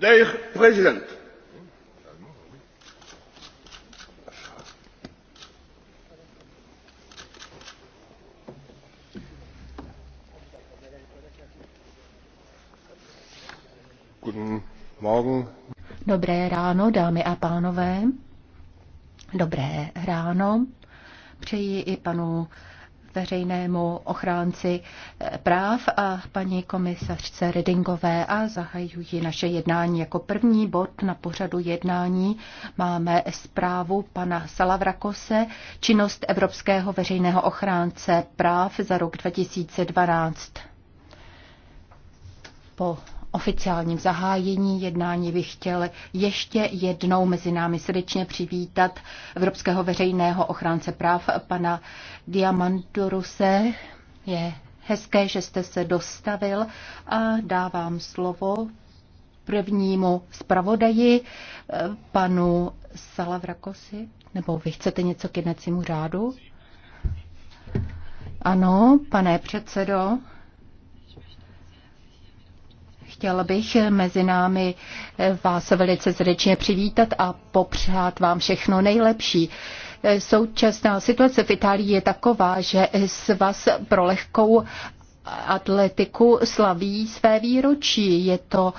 Dear President, Dobré ráno, dámy a pánové. Dobré ráno. Přeji i panu veřejnému ochránci eh, práv a paní komisařce Redingové a zahajují naše jednání. Jako první bod na pořadu jednání máme zprávu pana Salavrakose, činnost Evropského veřejného ochránce práv za rok 2012. Po oficiálním zahájení jednání bych chtěl ještě jednou mezi námi srdečně přivítat Evropského veřejného ochránce práv pana Diamantoruse. Je hezké, že jste se dostavil a dávám slovo prvnímu zpravodaji, eh, panu Salavrakosi. Nebo vy chcete něco k jednacímu řádu? Ano, pane předsedo. Chtěl bych mezi námi eh, vás velice srdečně přivítat a popřát vám všechno nejlepší. Eh, současná situace v Itálii je taková, že vás pro lehkou atletiku slaví své výročí. Je to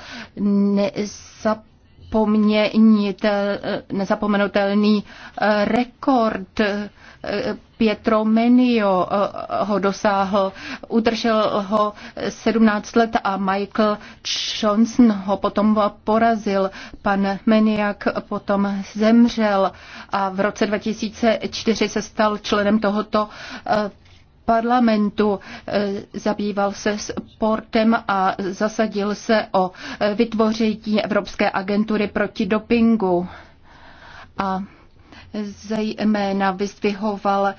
nezapomenutelný rekord Pietro Menio eh, ho dosáhl, udržel ho 17 let a Michael Johnson ho potom porazil. Pan Meniak potom zemřel a v roce 2004 se stal členem tohoto eh, parlamentu, eh, zabýval se sportem a zasadil se o vytvoření Evropské agentury proti dopingu. A zejména vyzdvihoval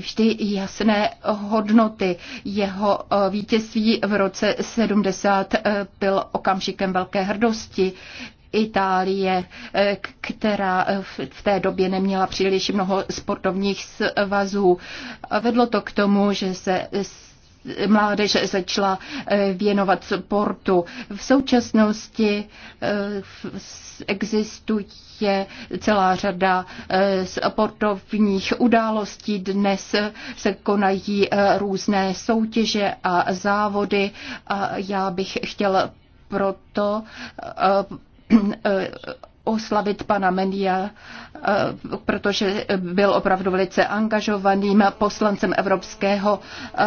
vždy jasné hodnoty. Jeho eh, vítězství v roce 70 eh, byl okamžikem velké hrdosti. Itálie, eh, která v té době neměla příliš mnoho sportovních svazů. Vedlo to k tomu, že se mládež začala eh, věnovat sportu. V současnosti eh, existuje celá řada eh, sportovních událostí. Dnes se konají různé soutěže a závody a já bych chtěla proto oslavit pana Mendia, eh, protože byl opravdu velice angažovaným poslancem Evropského eh,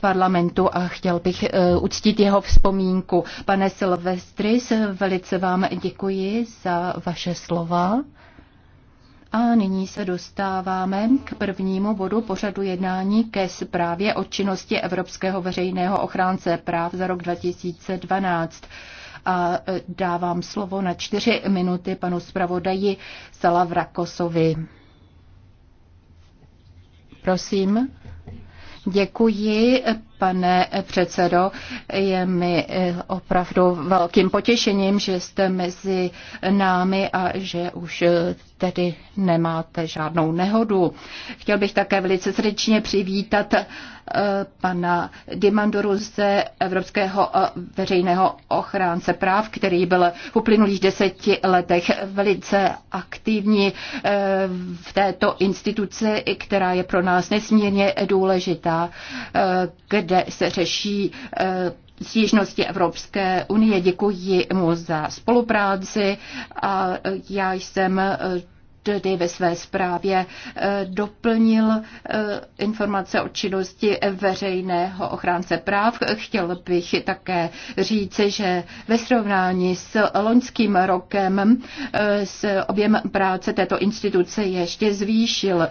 parlamentu a chtěl bych eh, uctít jeho vzpomínku. Pane Silvestris, velice vám děkuji za vaše slova. A nyní se dostáváme k prvnímu bodu pořadu jednání ke zprávě o činnosti Evropského veřejného ochránce práv za rok 2012 a e, dávám slovo na čtyři minuty panu zpravodaji Salavrakosovi. Prosím. Děkuji, pane předsedo. Je mi eh, opravdu velkým potěšením, že jste mezi námi a že už eh, tedy nemáte žádnou nehodu. Chtěl bych také velice srdečně přivítat eh, pana Dimandoru ze Evropského veřejného ochránce práv, který byl v uplynulých deseti letech velice aktivní v této instituci, která je pro nás nesmírně důležitá, kde kde se řeší eh, stížnosti Evropské unie. Děkuji mu za spolupráci a já jsem eh, tedy ve své zprávě eh, doplnil informace o činnosti veřejného ochránce práv. Chtěl bych také říci, že ve srovnání s loňským rokem s objem práce této instituce ještě zvýšil.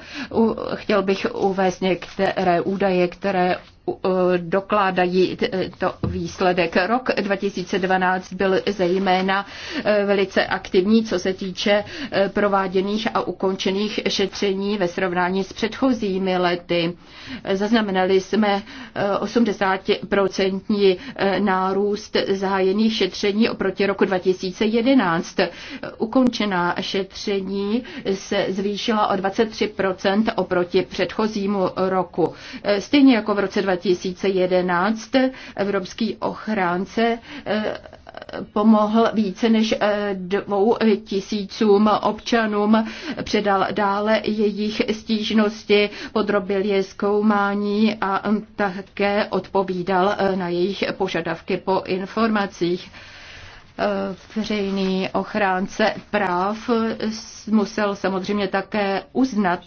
Chtěl bych uvést některé údaje, které E, dokládají e, to výsledek. Rok 2012 byl zejména e, velice aktivní, co se týče prováděných a ukončených šetření ve srovnání s předchozími lety. Zaznamenali jsme 80% nárůst zahájených šetření oproti roku 2011. Ukončená šetření se zvýšila o 23% oproti předchozímu roku. Stejně jako v roce 2012 2011 Evropský ochránce eh, pomohl více než eh, dvou tisícům občanům, předal dále jejich stížnosti, podrobil je zkoumání a také odpovídal eh, na jejich požadavky po informacích veřejný ochránce práv musel samozřejmě také uznat,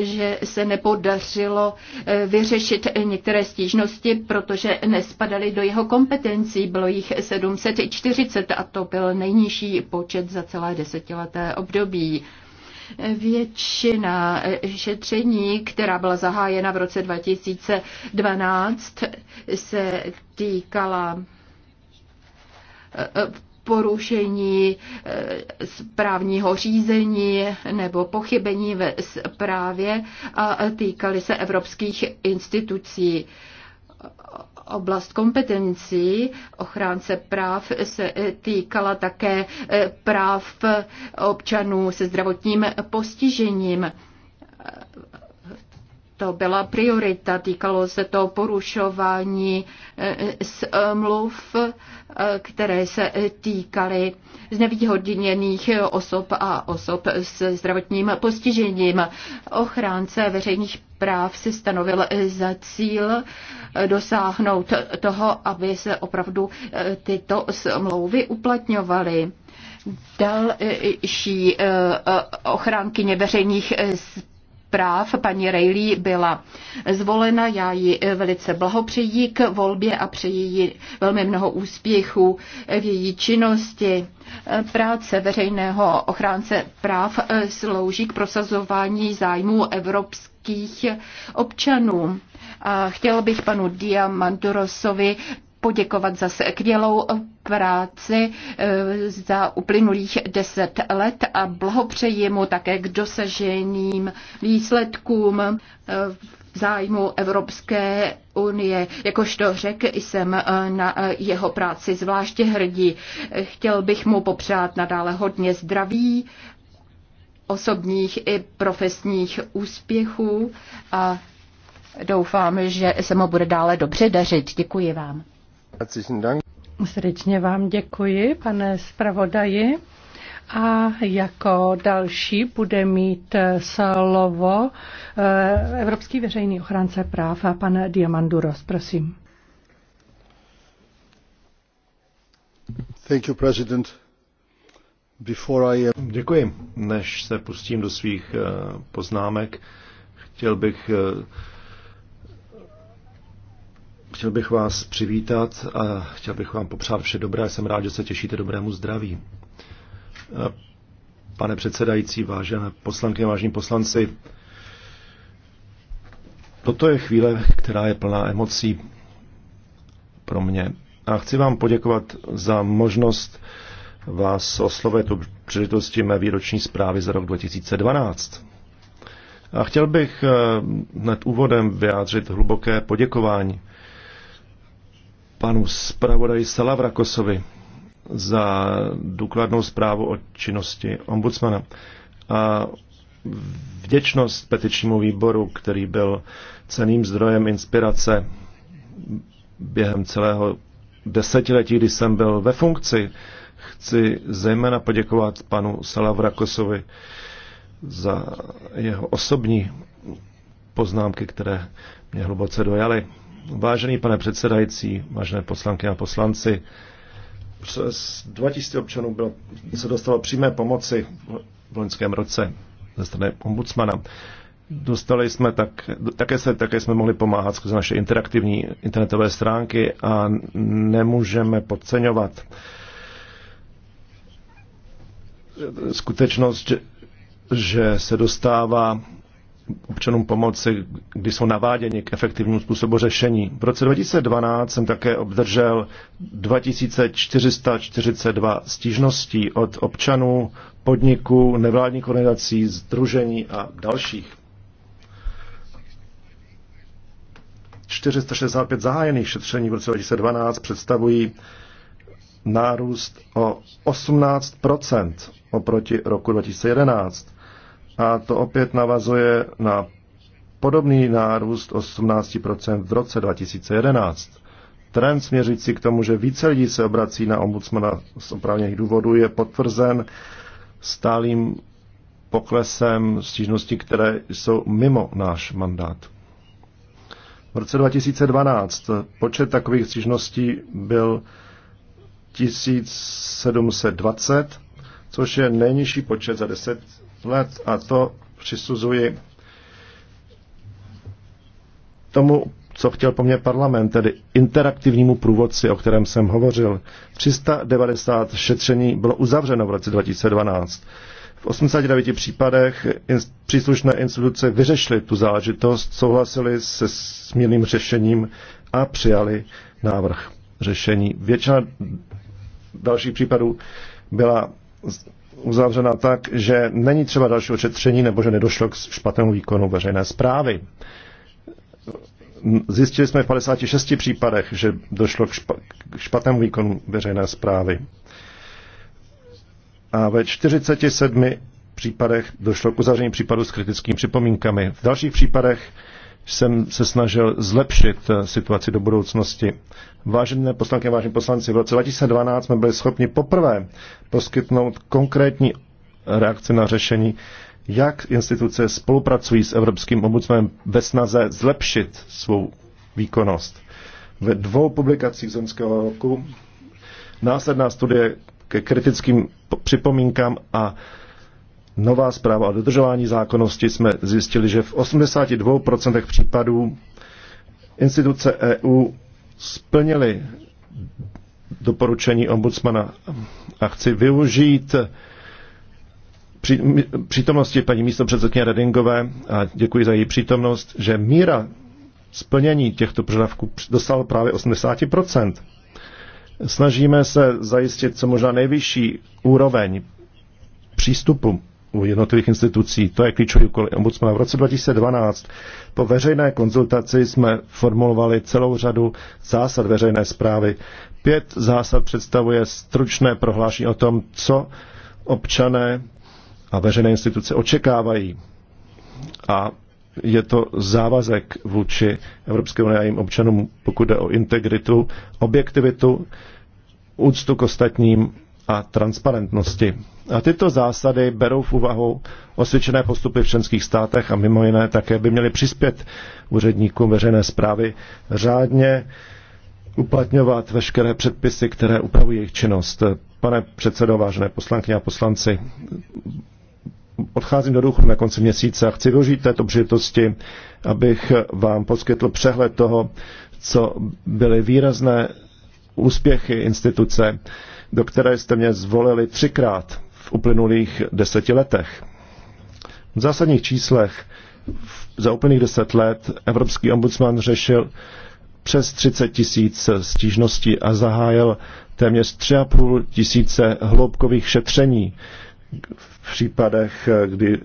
že se nepodařilo eh, vyřešit některé stížnosti, protože nespadaly do jeho kompetencí. Bylo jich 740 a to byl nejnižší počet za celé desetileté období většina šetření, která byla zahájena v roce 2012, se týkala porušení správního eh, řízení nebo pochybení ve správě a týkaly se evropských institucí. Oblast kompetencí ochránce práv se týkala také eh, práv občanů se zdravotním postižením to byla priorita. Týkalo se to porušování eh, eh, smluv, eh, které se týkaly znevýhodněných osob a osob s zdravotním postižením. Ochránce veřejných práv si stanovil za cíl dosáhnout toho, aby se opravdu tyto smlouvy uplatňovaly další ochránkyně veřejných práv paní Reilly byla zvolena. Já ji eh, velice blahopřeji k volbě a přeji ji velmi mnoho úspěchů v její činnosti. Eh, práce veřejného ochránce práv eh, slouží k prosazování zájmů evropských občanů. A chtěla bych panu Diamandorosovi poděkovat za skvělou práci eh, za uplynulých deset let a blahopřeji mu také k dosaženým výsledkům eh, v zájmu Evropské unie. Jakožto řekl jsem eh, na jeho práci zvláště hrdí. Chtěl bych mu popřát nadále hodně zdraví, osobních i profesních úspěchů a doufám, že se mu bude dále dobře dařit. Děkuji vám. Srdečně vám děkuji, pane zpravodaji. A jako další bude mít slovo eh, Evropský veřejný ochránce práv a pan Diamanduros, prosím. Thank you, President. Before I... Děkuji. Než se pustím do svých eh, poznámek, chtěl bych eh, Chtěl bych vás přivítat a chtěl bych vám popřát vše dobré. Jsem rád, že se těšíte dobrému zdraví. Eh, pane předsedající, vážené poslanky, vážní poslanci, toto je chvíle, která je plná emocí pro mě. A chci vám poděkovat za možnost vás oslovit u příležitosti mé výroční zprávy za rok 2012. A chtěl bych hned eh, úvodem vyjádřit hluboké poděkování panu zpravodaji Salavrakosovi za důkladnou zprávu o činnosti ombudsmana. A vděčnost petičnímu výboru, který byl ceným zdrojem inspirace během celého desetiletí, kdy jsem byl ve funkci, chci zejména poděkovat panu Salavrakosovi za jeho osobní poznámky, které mě hluboce dojaly. Vážený pane předsedající, vážené poslanky a poslanci, přes 2000 občanů bylo, se dostalo přímé pomoci v loňském roce ze strany ombudsmana. Dostali jsme tak, také, se, také jsme mohli pomáhat skrze naše interaktivní internetové stránky a nemůžeme podceňovat skutečnost, že se dostává občanům pomoci, kdy jsou naváděni k efektivnímu způsobu řešení. V roce 2012 jsem také obdržel 2442 stížností od občanů, podniků, nevládních organizací, združení a dalších. 465 zahájených šetření v roce 2012 představují nárůst o 18 oproti roku 2011 a to opět navazuje na podobný nárůst 18% v roce 2011. Trend směřící k tomu, že více lidí se obrací na ombudsmana z oprávněných důvodů, je potvrzen stálým poklesem stížností, které jsou mimo náš mandát. V roce 2012 počet takových stížností byl 1720, což je nejnižší počet za 10 let a to přisuzuji tomu, co chtěl po mně parlament, tedy interaktivnímu průvodci, o kterém jsem hovořil. 390 šetření bylo uzavřeno v roce 2012. V 89 případech příslušné instituce vyřešily tu záležitost, souhlasili se smírným řešením a přijali návrh řešení. Většina dalších případů byla uzavřena tak, že není třeba dalšího šetření nebo že nedošlo k špatnému výkonu veřejné zprávy. Zjistili jsme v 56 případech, že došlo k, špa- k špatnému výkonu veřejné zprávy. A ve 47 případech došlo k uzavření případu s kritickými připomínkami. V dalších případech jsem se snažil zlepšit eh, situaci do budoucnosti. Vážené poslanky, vážení poslanci, v roce 2012 jsme byli schopni poprvé poskytnout konkrétní reakci na řešení, jak instituce spolupracují s Evropským ombudsmanem ve snaze zlepšit svou výkonnost. Ve dvou publikacích z roku následná studie ke kritickým připomínkám a nová zpráva o dodržování zákonnosti jsme zjistili, že v 82% případů instituce EU splnily doporučení ombudsmana a chci využít přítomnosti paní místo předsedkyně Redingové a děkuji za její přítomnost, že míra splnění těchto požadavků dosáhl právě 80%. Snažíme se zajistit co možná nejvyšší úroveň přístupu u jednotlivých institucí. To je klíčový úkol ombudsmana. V roce 2012 po veřejné konzultaci jsme formulovali celou řadu zásad veřejné zprávy. Pět zásad představuje stručné prohlášení o tom, co občané a veřejné instituce očekávají. A je to závazek vůči Evropské unii a jejím občanům, pokud jde o integritu, objektivitu, úctu k ostatním a transparentnosti. A tyto zásady berou v úvahu osvědčené postupy v členských státech a mimo jiné také by měly přispět úředníkům veřejné zprávy řádně uplatňovat veškeré předpisy, které upravují jejich činnost. Pane předsedo, vážené poslankyně a poslanci, odcházím do důchodu na konci měsíce a chci využít této příležitosti, abych vám poskytl přehled toho, co byly výrazné úspěchy instituce do které jste mě zvolili třikrát v uplynulých deseti letech. V zásadních číslech za úplných deset let Evropský ombudsman řešil přes 30 tisíc stížností a zahájil téměř 3,5 tisíce hloubkových šetření v případech, kdy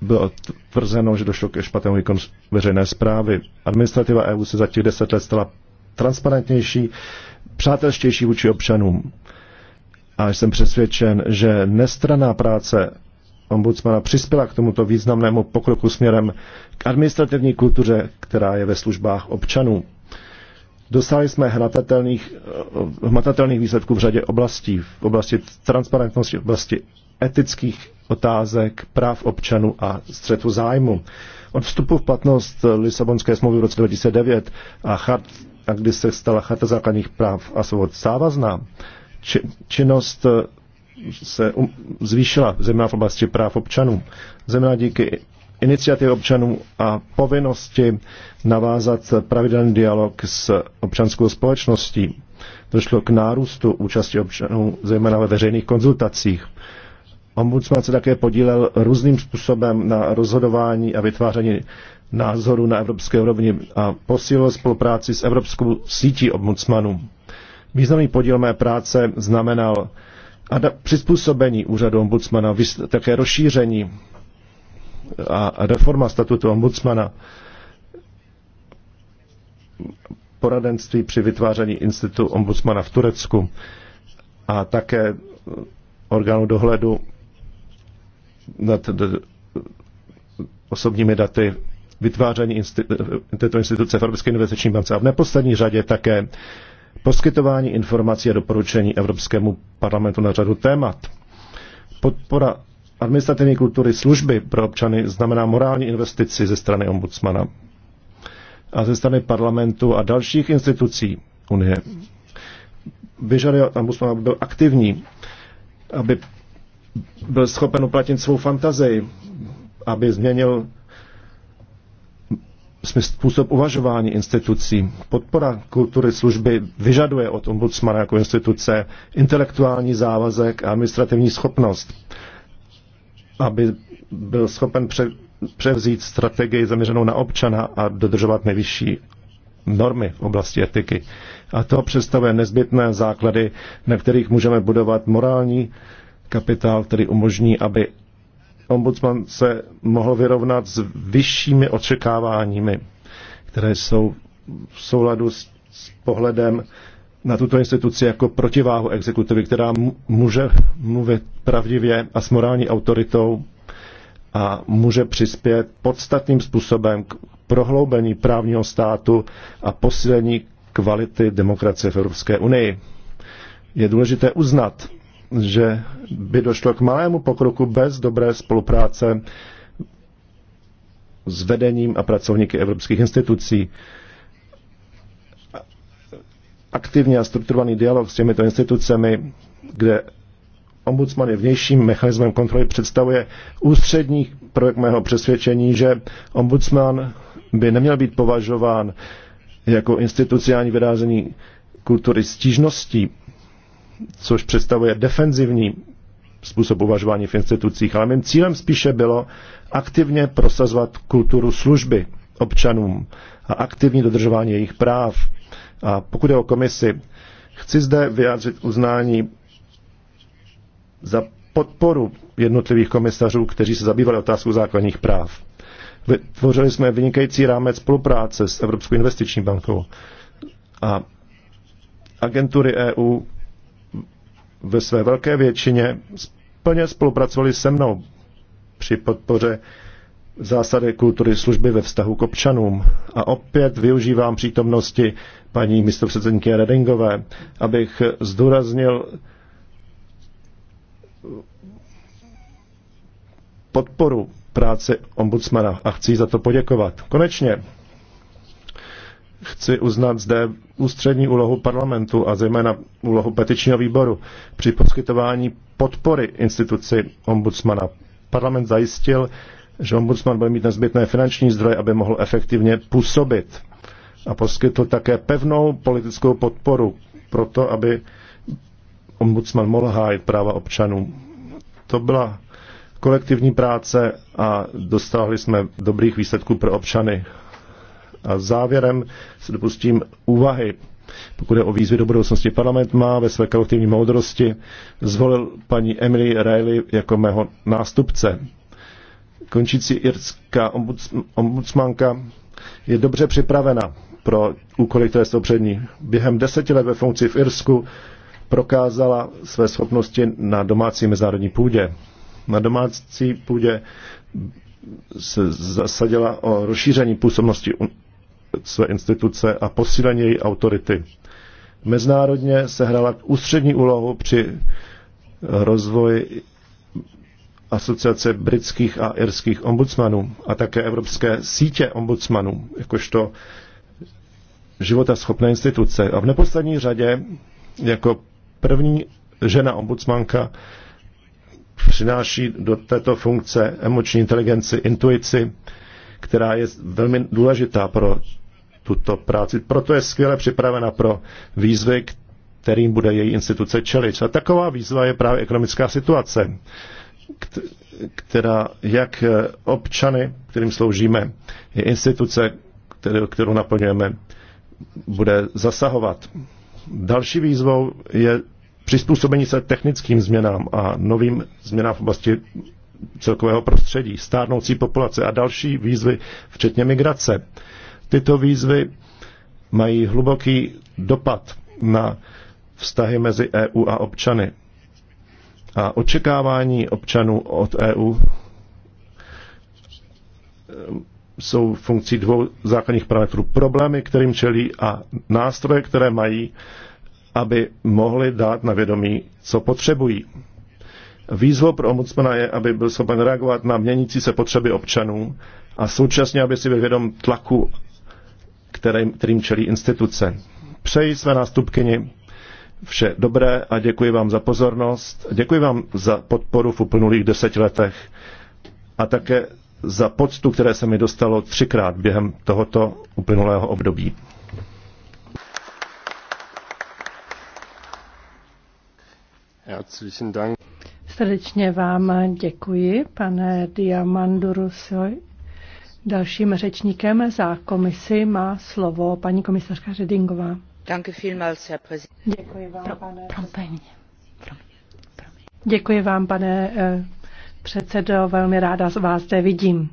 bylo tvrzeno, že došlo ke špatnému výkonu veřejné zprávy. Administrativa EU se za těch deset let stala transparentnější, přátelštější vůči občanům a jsem přesvědčen, že nestraná práce ombudsmana přispěla k tomuto významnému pokroku směrem k administrativní kultuře, která je ve službách občanů. Dosáhli jsme hmatatelných, eh, hmatatelných výsledků v řadě oblastí, v oblasti transparentnosti, v oblasti etických otázek, práv občanů a střetu zájmu. Od vstupu v platnost Lisabonské smlouvy v roce 2009 a, chart, a kdy se stala Charta základních práv a svobod závazná, či, činnost eh, se um, zvýšila, zejména v oblasti práv občanů. Zejména díky iniciativy občanů a povinnosti navázat pravidelný dialog s občanskou společností. Došlo k nárůstu účasti občanů, zejména ve veřejných konzultacích. Ombudsman se také podílel různým způsobem na rozhodování a vytváření názoru na evropské úrovni a posílil spolupráci s Evropskou sítí ombudsmanů. Významný podíl mé práce znamenal přizpůsobení úřadu ombudsmana, také rozšíření a reforma statutu ombudsmana, poradenství při vytváření institutu ombudsmana v Turecku a také orgánu dohledu nad osobními daty, vytváření institu- této instituce v Evropské investiční bance a v neposlední řadě také poskytování informací a doporučení Evropskému parlamentu na řadu témat. Podpora administrativní kultury služby pro občany znamená morální investici ze strany ombudsmana a ze strany parlamentu a dalších institucí Unie. Vyžaduje ombudsman, aby byl aktivní, aby byl schopen uplatnit svou fantazii, aby změnil způsob uvažování institucí. Podpora kultury služby vyžaduje od ombudsmana jako instituce intelektuální závazek a administrativní schopnost, aby byl schopen pře- převzít strategii zaměřenou na občana a dodržovat nejvyšší normy v oblasti etiky. A to představuje nezbytné základy, na kterých můžeme budovat morální kapitál, který umožní, aby ombudsman se mohl vyrovnat s vyššími očekáváními, které jsou v souladu s, s pohledem na tuto instituci jako protiváhu exekutivy, která může mluvit pravdivě a s morální autoritou a může přispět podstatným způsobem k prohloubení právního státu a posílení kvality demokracie v Evropské unii. Je důležité uznat, že by došlo k malému pokroku bez dobré spolupráce s vedením a pracovníky evropských institucí. Aktivní a strukturovaný dialog s těmito institucemi, kde ombudsman je vnějším mechanismem kontroly, představuje ústřední projekt mého přesvědčení, že ombudsman by neměl být považován jako instituciální vyrázení kultury stížností, což představuje defenzivní způsob uvažování v institucích, ale mým cílem spíše bylo aktivně prosazovat kulturu služby občanům a aktivní dodržování jejich práv. A pokud je o komisi, chci zde vyjádřit uznání za podporu jednotlivých komisařů, kteří se zabývali otázkou základních práv. Vytvořili jsme vynikající rámec spolupráce s Evropskou investiční bankou a agentury EU ve své velké většině plně spolupracovali se mnou při podpoře zásady kultury služby ve vztahu k občanům. A opět využívám přítomnosti paní místopředsedníky Redingové, abych zdůraznil podporu práci ombudsmana a chci za to poděkovat. Konečně chci uznat zde ústřední úlohu parlamentu a zejména úlohu petičního výboru při poskytování podpory instituci ombudsmana. Parlament zajistil, že ombudsman bude mít nezbytné finanční zdroje, aby mohl efektivně působit a poskytl také pevnou politickou podporu pro to, aby ombudsman mohl hájit práva občanů. To byla kolektivní práce a dostali jsme dobrých výsledků pro občany. A závěrem se dopustím úvahy. Pokud je o výzvy do budoucnosti, parlament má ve své kolektivní moudrosti zvolil paní Emily Riley jako mého nástupce. Končící irská ombudsmanka je dobře připravena pro úkoly, které jsou před ní. Během deseti let ve funkci v Irsku prokázala své schopnosti na domácí mezinárodní půdě. Na domácí půdě se zasadila o rozšíření působnosti své instituce a posílení její autority. Mezinárodně se hrála ústřední úlohu při rozvoji asociace britských a irských ombudsmanů a také evropské sítě ombudsmanů, jakožto životaschopné instituce. A v neposlední řadě jako první žena ombudsmanka přináší do této funkce emoční inteligenci, intuici, která je velmi důležitá pro tuto práci. Proto je skvěle připravena pro výzvy, kterým bude její instituce čelit. A taková výzva je právě ekonomická situace, která jak eh, občany, kterým sloužíme, je instituce, kterou, naplňujeme, bude zasahovat. Další výzvou je přizpůsobení se technickým změnám a novým změnám v oblasti celkového prostředí, stárnoucí populace a další výzvy, včetně migrace. Tyto výzvy mají hluboký dopad na vztahy mezi EU a občany. A očekávání občanů od EU ehm, jsou funkcí dvou základních parametrů. Problémy, kterým čelí a nástroje, které mají, aby mohli dát na vědomí, co potřebují. Výzvou pro ombudsmana je, aby byl schopen reagovat na měnící se potřeby občanů a současně, aby si byl vědom tlaku kterým, kterým čelí instituce. Přeji své nástupkyni vše dobré a děkuji vám za pozornost. Děkuji vám za podporu v uplynulých deseti letech a také za poctu, které se mi dostalo třikrát během tohoto uplynulého období. Srdečně vám děkuji, pane Diamandurusoj. Dalším řečníkem za komisi má slovo paní komisařka Redingová. Děkuji vám, pane Děkuji vám, pane předsedo, velmi ráda z vás zde vidím.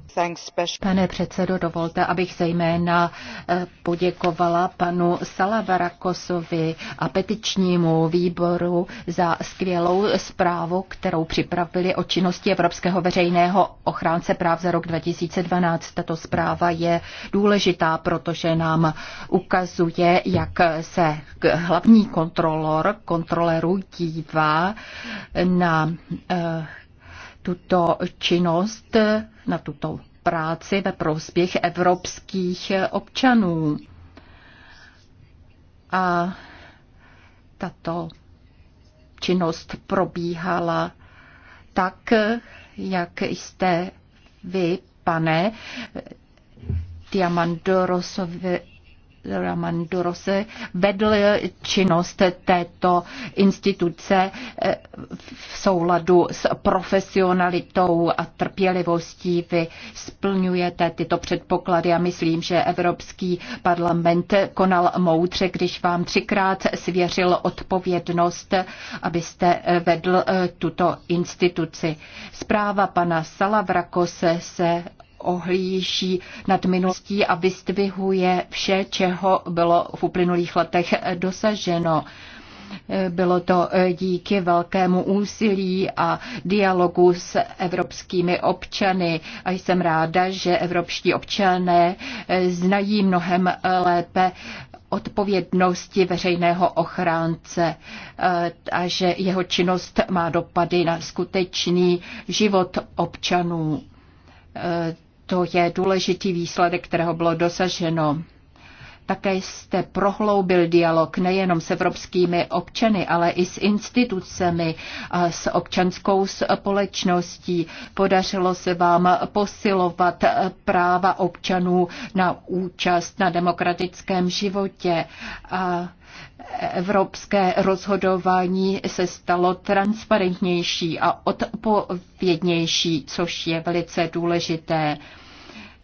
Pane předsedo, dovolte, abych zejména eh, poděkovala panu Salavarakosovi a petičnímu výboru za skvělou zprávu, kterou připravili o činnosti Evropského veřejného ochránce práv za rok 2012. Tato zpráva je důležitá, protože nám ukazuje, jak se hlavní kontrolor kontrolerů dívá na eh, tuto činnost, na tuto práci ve prospěch evropských občanů. A tato činnost probíhala tak, jak jste vy, pane Diamandorosovi, Ramandurose vedl činnost této instituce eh, v souladu s profesionalitou a trpělivostí. Vy splňujete tyto předpoklady a myslím, že Evropský parlament konal moudře, když vám třikrát svěřil odpovědnost, abyste vedl eh, tuto instituci. Zpráva pana Salavrakose se ohlíží nad minulostí a vystvihuje vše, čeho bylo v uplynulých letech dosaženo. Bylo to díky velkému úsilí a dialogu s evropskými občany a jsem ráda, že evropští občané znají mnohem lépe odpovědnosti veřejného ochránce a že jeho činnost má dopady na skutečný život občanů to je důležitý výsledek, kterého bylo dosaženo. Také jste prohloubil dialog nejenom s evropskými občany, ale i s institucemi a s občanskou společností. Podařilo se vám posilovat práva občanů na účast na demokratickém životě. A evropské rozhodování se stalo transparentnější a odpovědnější, což je velice důležité.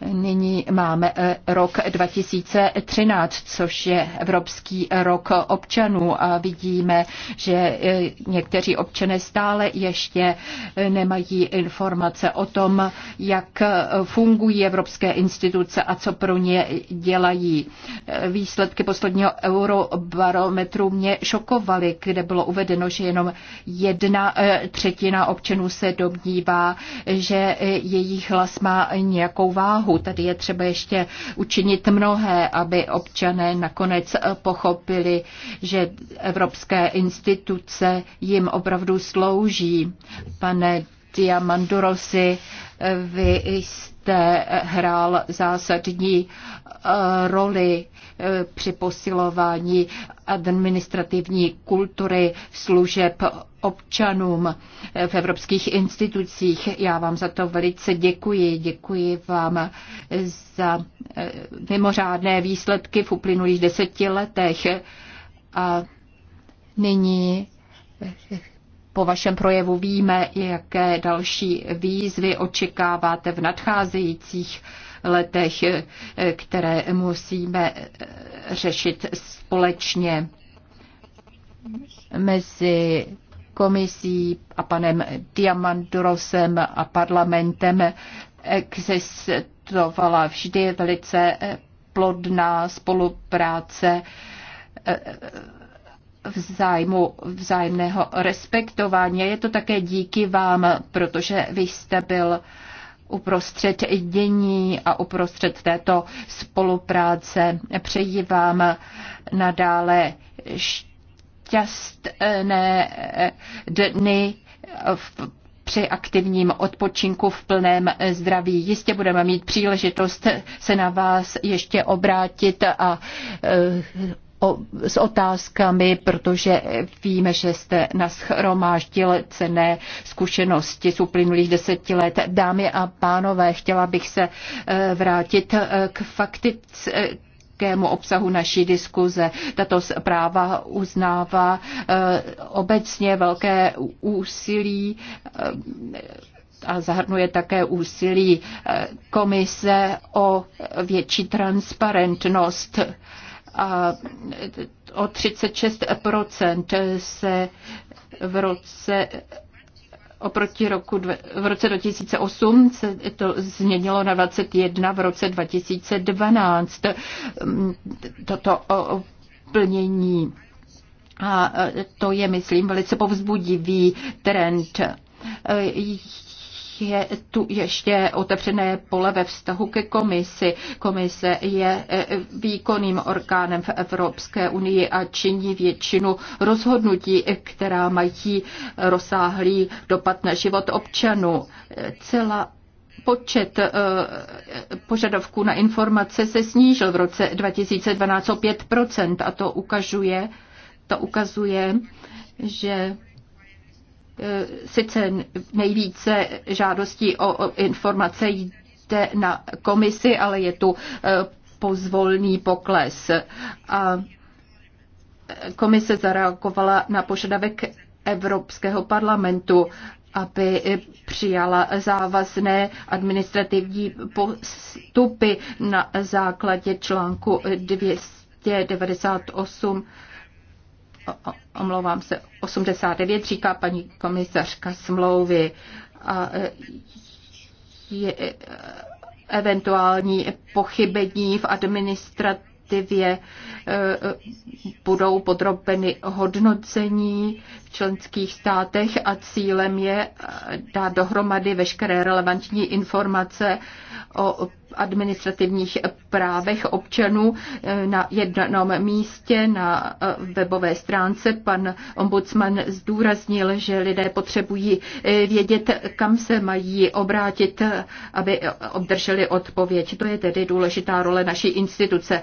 Nyní máme e, rok 2013, což je Evropský rok občanů a vidíme, že e, někteří občané stále ještě e, nemají informace o tom, jak fungují evropské instituce a co pro ně dělají. Výsledky posledního eurobarometru mě šokovaly, kde bylo uvedeno, že jenom jedna třetina občanů se domnívá, že jejich hlas má nějakou váhu mnohu. Tady je třeba ještě učinit mnohé, aby občané nakonec pochopili, že evropské instituce jim opravdu slouží. Pane Diamandurosi, vy jste hrál zásadní eh, roli eh, při posilování administrativní kultury služeb občanům v evropských institucích. Já vám za to velice děkuji. Děkuji vám za eh, mimořádné výsledky v uplynulých deseti letech. A nyní eh, po vašem projevu víme, jaké další výzvy očekáváte v nadcházejících letech, eh, které musíme řešit společně mezi komisí a panem Diamandurosem a parlamentem existovala vždy velice plodná spolupráce eh, v zájmu vzájemného respektování. Je to také díky vám, protože vy jste byl uprostřed dění a uprostřed této spolupráce. Přeji vám nadále šťastné eh, dny v při aktivním odpočinku v plném eh, zdraví. Jistě budeme mít příležitost se na vás ještě obrátit a eh, o, s otázkami, protože víme, že jste naschromáždil cené zkušenosti z uplynulých deseti let. Dámy a pánové, chtěla bych se vrátit k faktickým širokému obsahu naší diskuze. Tato zpráva uznává eh, obecně velké úsilí eh, a zahrnuje také úsilí eh, komise o větší transparentnost. A o 36 se v roce Oproti roku v roce 2008 se to změnilo na 21 v roce 2012. Toto plnění. A to je, myslím, velice povzbudivý trend je tu ještě otevřené pole ve vztahu ke komisi. Komise je e, výkonným orgánem v Evropské unii a činí většinu rozhodnutí, která mají rozsáhlý dopad na život občanů. Celá počet e, požadavků na informace se snížil v roce 2012 o 5 a to ukazuje, to ukazuje, že Eh, sice nejvíce žádostí o informace jde na komisi, ale je tu eh, pozvolný pokles. A eh, komise zareagovala na požadavek Evropského parlamentu, aby přijala závazné administrativní postupy na základě článku 298 omlouvám se, 89, říká paní komisařka smlouvy. A e, je e, eventuální pochybení v administrativě e, budou podrobeny hodnocení v členských státech a cílem je dát dohromady veškeré relevantní informace o administrativních právech občanů eh, na jednom místě na eh, webové stránce. Pan ombudsman zdůraznil, že lidé potřebují eh, vědět, kam se mají obrátit, aby obdrželi odpověď. To je tedy důležitá role naší instituce.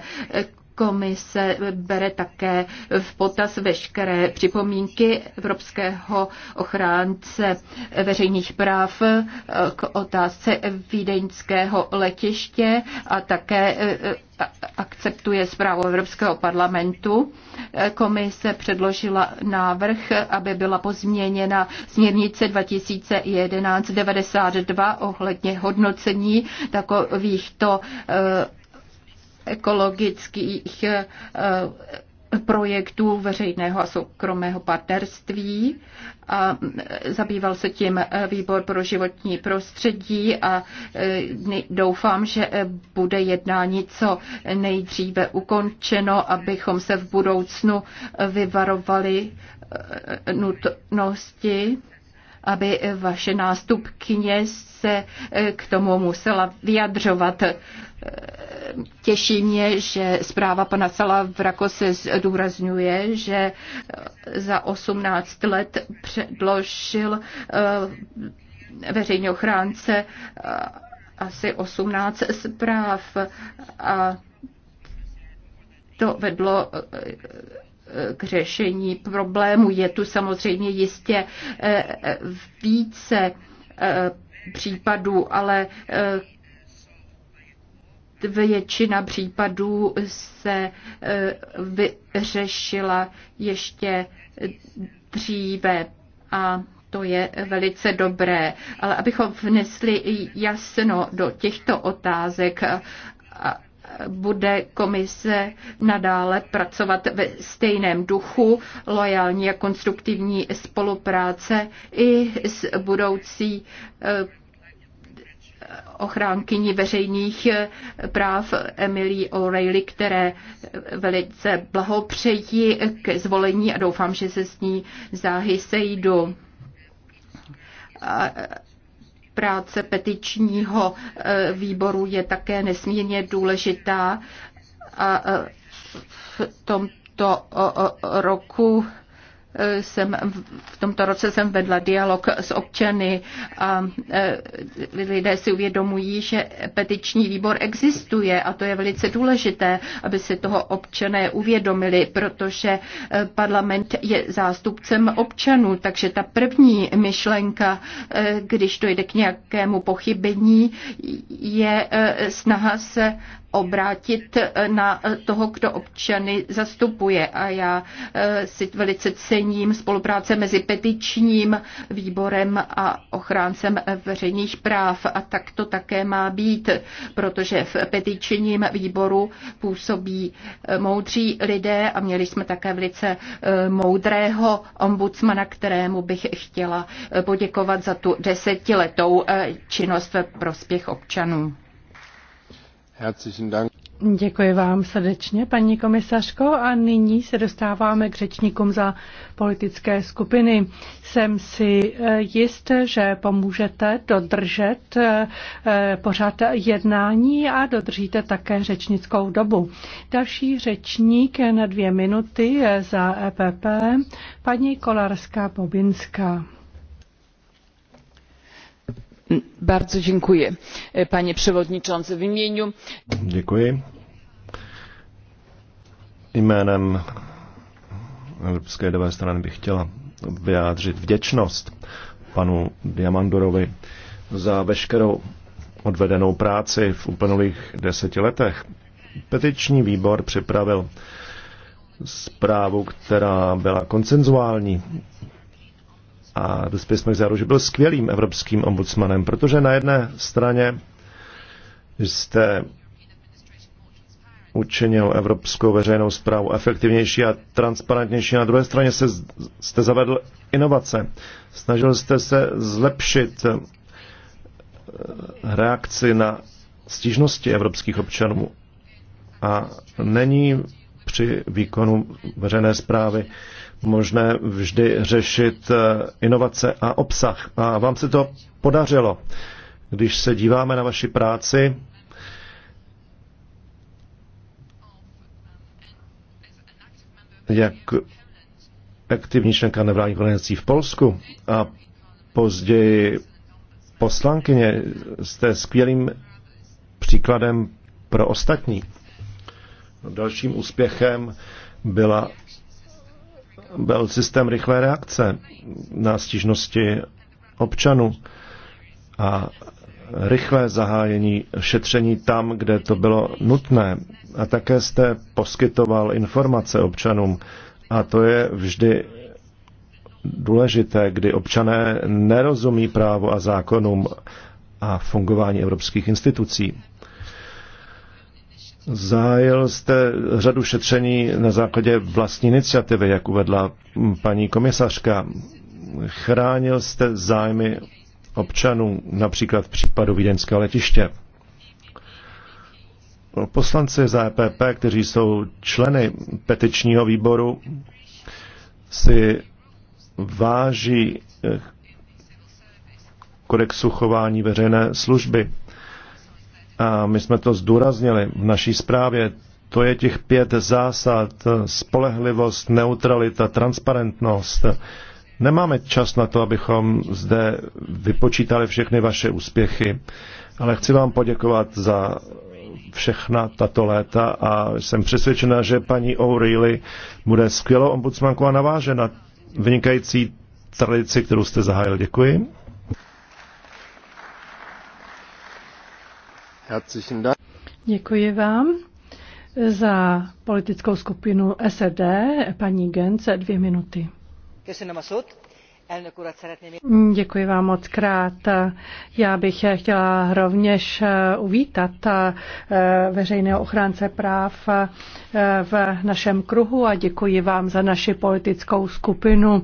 Komise bere také v potaz veškeré připomínky Evropského ochránce veřejných práv k otázce vídeňského letiště a také eh, akceptuje zprávu Evropského parlamentu. Komise předložila návrh, aby byla pozměněna směrnice 2011-92 ohledně hodnocení takovýchto eh, ekologických eh, projektů veřejného a soukromého partnerství. A eh, zabýval se tím eh, výbor pro životní prostředí a doufám, že bude jednání co nejdříve ukončeno, abychom se v budoucnu vyvarovali nutnosti aby vaše nástupkyně se eh, k tomu musela vyjadřovat. Eh, Těší mě, že zpráva pana Sala v Rakose zdůrazňuje, že eh, za 18 let předložil veřejně ochránce asi 18 zpráv a to vedlo k řešení problému. Je tu samozřejmě jistě eh, více eh, případů, ale eh, většina případů se vyřešila ještě dříve a to je velice dobré. Ale abychom vnesli jasno do těchto otázek, bude komise nadále pracovat ve stejném duchu, lojální a konstruktivní spolupráce i s budoucí eh, ochránkyní veřejných eh, práv Emily O'Reilly, které velice blahopřejí k zvolení a doufám, že se s ní záhy sejdu Práce petičního eh, výboru je také nesmírně důležitá a eh, v tomto roku jsem v tomto roce jsem vedla dialog s občany a e, lidé si uvědomují, že petiční výbor existuje a to je velice důležité, aby si toho občané uvědomili, protože e, parlament je zástupcem občanů, takže ta první myšlenka, e, když dojde k nějakému pochybení, je snaha se obrátit eh, na eh, toho, kdo občany zastupuje. A já eh, si velice cením spolupráce mezi petičním výborem a ochráncem veřejných práv. A tak to také má být, protože v petičním výboru působí moudří lidé a měli jsme také velice moudrého ombudsmana, kterému bych chtěla poděkovat za tu desetiletou činnost ve prospěch občanů. Děkuji vám srdečně, paní komisařko, a nyní se dostáváme k řečníkům za politické skupiny. Jsem si eh, jist, že pomůžete dodržet eh, eh, pořád jednání a dodržíte také řečnickou dobu. Další řečník na dvě minuty za EPP, paní Kolarská-Bobinská. Bardzo dziękuję, panie przewodniczący. W imieniu... Jménem Evropské lidové strany bych chtěla vyjádřit vděčnost panu Diamandorovi za veškerou odvedenou práci v uplynulých deseti letech. Petiční výbor připravil zprávu, která byla koncenzuální a dospěli jsme k záru, že byl skvělým evropským ombudsmanem, protože na jedné straně jste učinil evropskou veřejnou zprávu efektivnější a transparentnější. Na druhé straně se, jste zavedl inovace. Snažil jste se zlepšit eh, reakci na stížnosti evropských občanů. A není při výkonu veřejné zprávy možné vždy řešit eh, inovace a obsah. A vám se to podařilo. Když se díváme na vaši práci, jak aktivní členka nevládních organizací v Polsku a později poslankyně, jste skvělým příkladem pro ostatní. Dalším úspěchem byla byl systém rychlé reakce na stížnosti občanů a rychlé zahájení šetření tam, kde to bylo nutné. A také jste poskytoval informace občanům. A to je vždy důležité, kdy občané nerozumí právu a zákonům a fungování evropských institucí. Zahájil jste řadu šetření na základě vlastní iniciativy, jak uvedla paní komisařka. Chránil jste zájmy občanů, například v případu Vídeňského letiště. Poslanci za EPP, kteří jsou členy petičního výboru, si váží kodexu chování veřejné služby a my jsme to zdůraznili v naší zprávě, to je těch pět zásad, spolehlivost, neutralita, transparentnost. Nemáme čas na to, abychom zde vypočítali všechny vaše úspěchy, ale chci vám poděkovat za všechna tato léta a jsem přesvědčena, že paní O'Reilly bude skvělou ombudsmankou a naváže na vynikající tradici, kterou jste zahájil. Děkuji. Děkuji vám. Za politickou skupinu SED paní Gence, dvě minuty. Köszönöm a Mm, děkuji vám moc krát. Já bych chtěla rovněž eh, uvítat eh, veřejného ochránce práv eh, v našem kruhu a děkuji vám za naši politickou skupinu.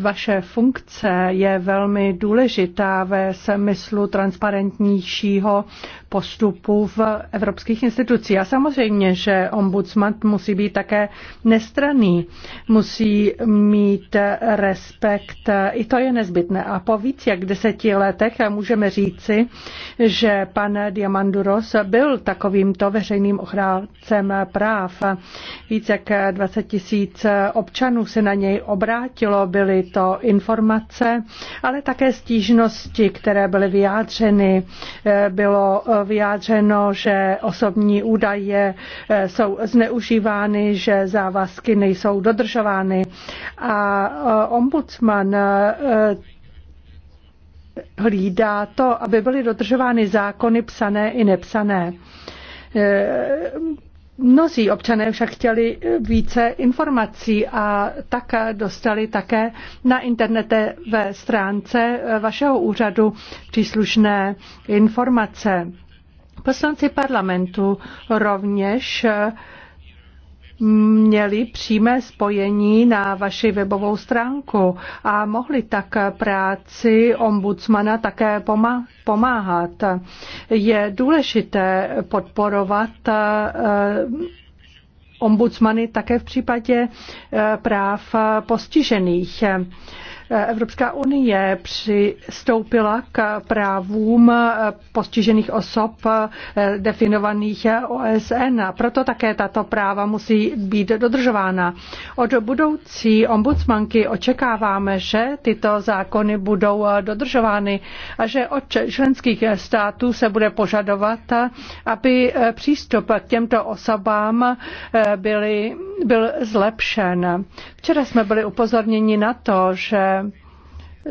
Vaše funkce je velmi důležitá ve smyslu transparentnějšího postupů v evropských institucích. A samozřejmě, že ombudsman musí být také nestraný, musí mít respekt, i to je nezbytné. A po víc jak deseti letech můžeme říci, že pan Diamanduros byl takovýmto veřejným ochráncem práv. Víc jak 20 tisíc občanů se na něj obrátilo, byly to informace, ale také stížnosti, které byly vyjádřeny. Bylo vyjádřeno, že osobní údaje eh, jsou zneužívány, že závazky nejsou dodržovány. A eh, ombudsman eh, hlídá to, aby byly dodržovány zákony psané i nepsané. Mnozí občané však chtěli více informací a tak dostali také na internete ve stránce vašeho úřadu příslušné informace. Poslanci parlamentu rovněž eh, měli přímé spojení na vaši webovou stránku a mohli tak práci ombudsmana také pomáhat. Je důležité podporovat eh, ombudsmany také v případě eh, práv postižených. Evropská unie přistoupila k právům postižených osob eh, definovaných OSN. Proto také tato práva musí být dodržována. Od budoucí ombudsmanky očekáváme, že tyto zákony budou eh, dodržovány a že od členských států se bude požadovat, eh, aby přístup k těmto osobám byly, byl zlepšen. Včera jsme byli upozorněni na to, že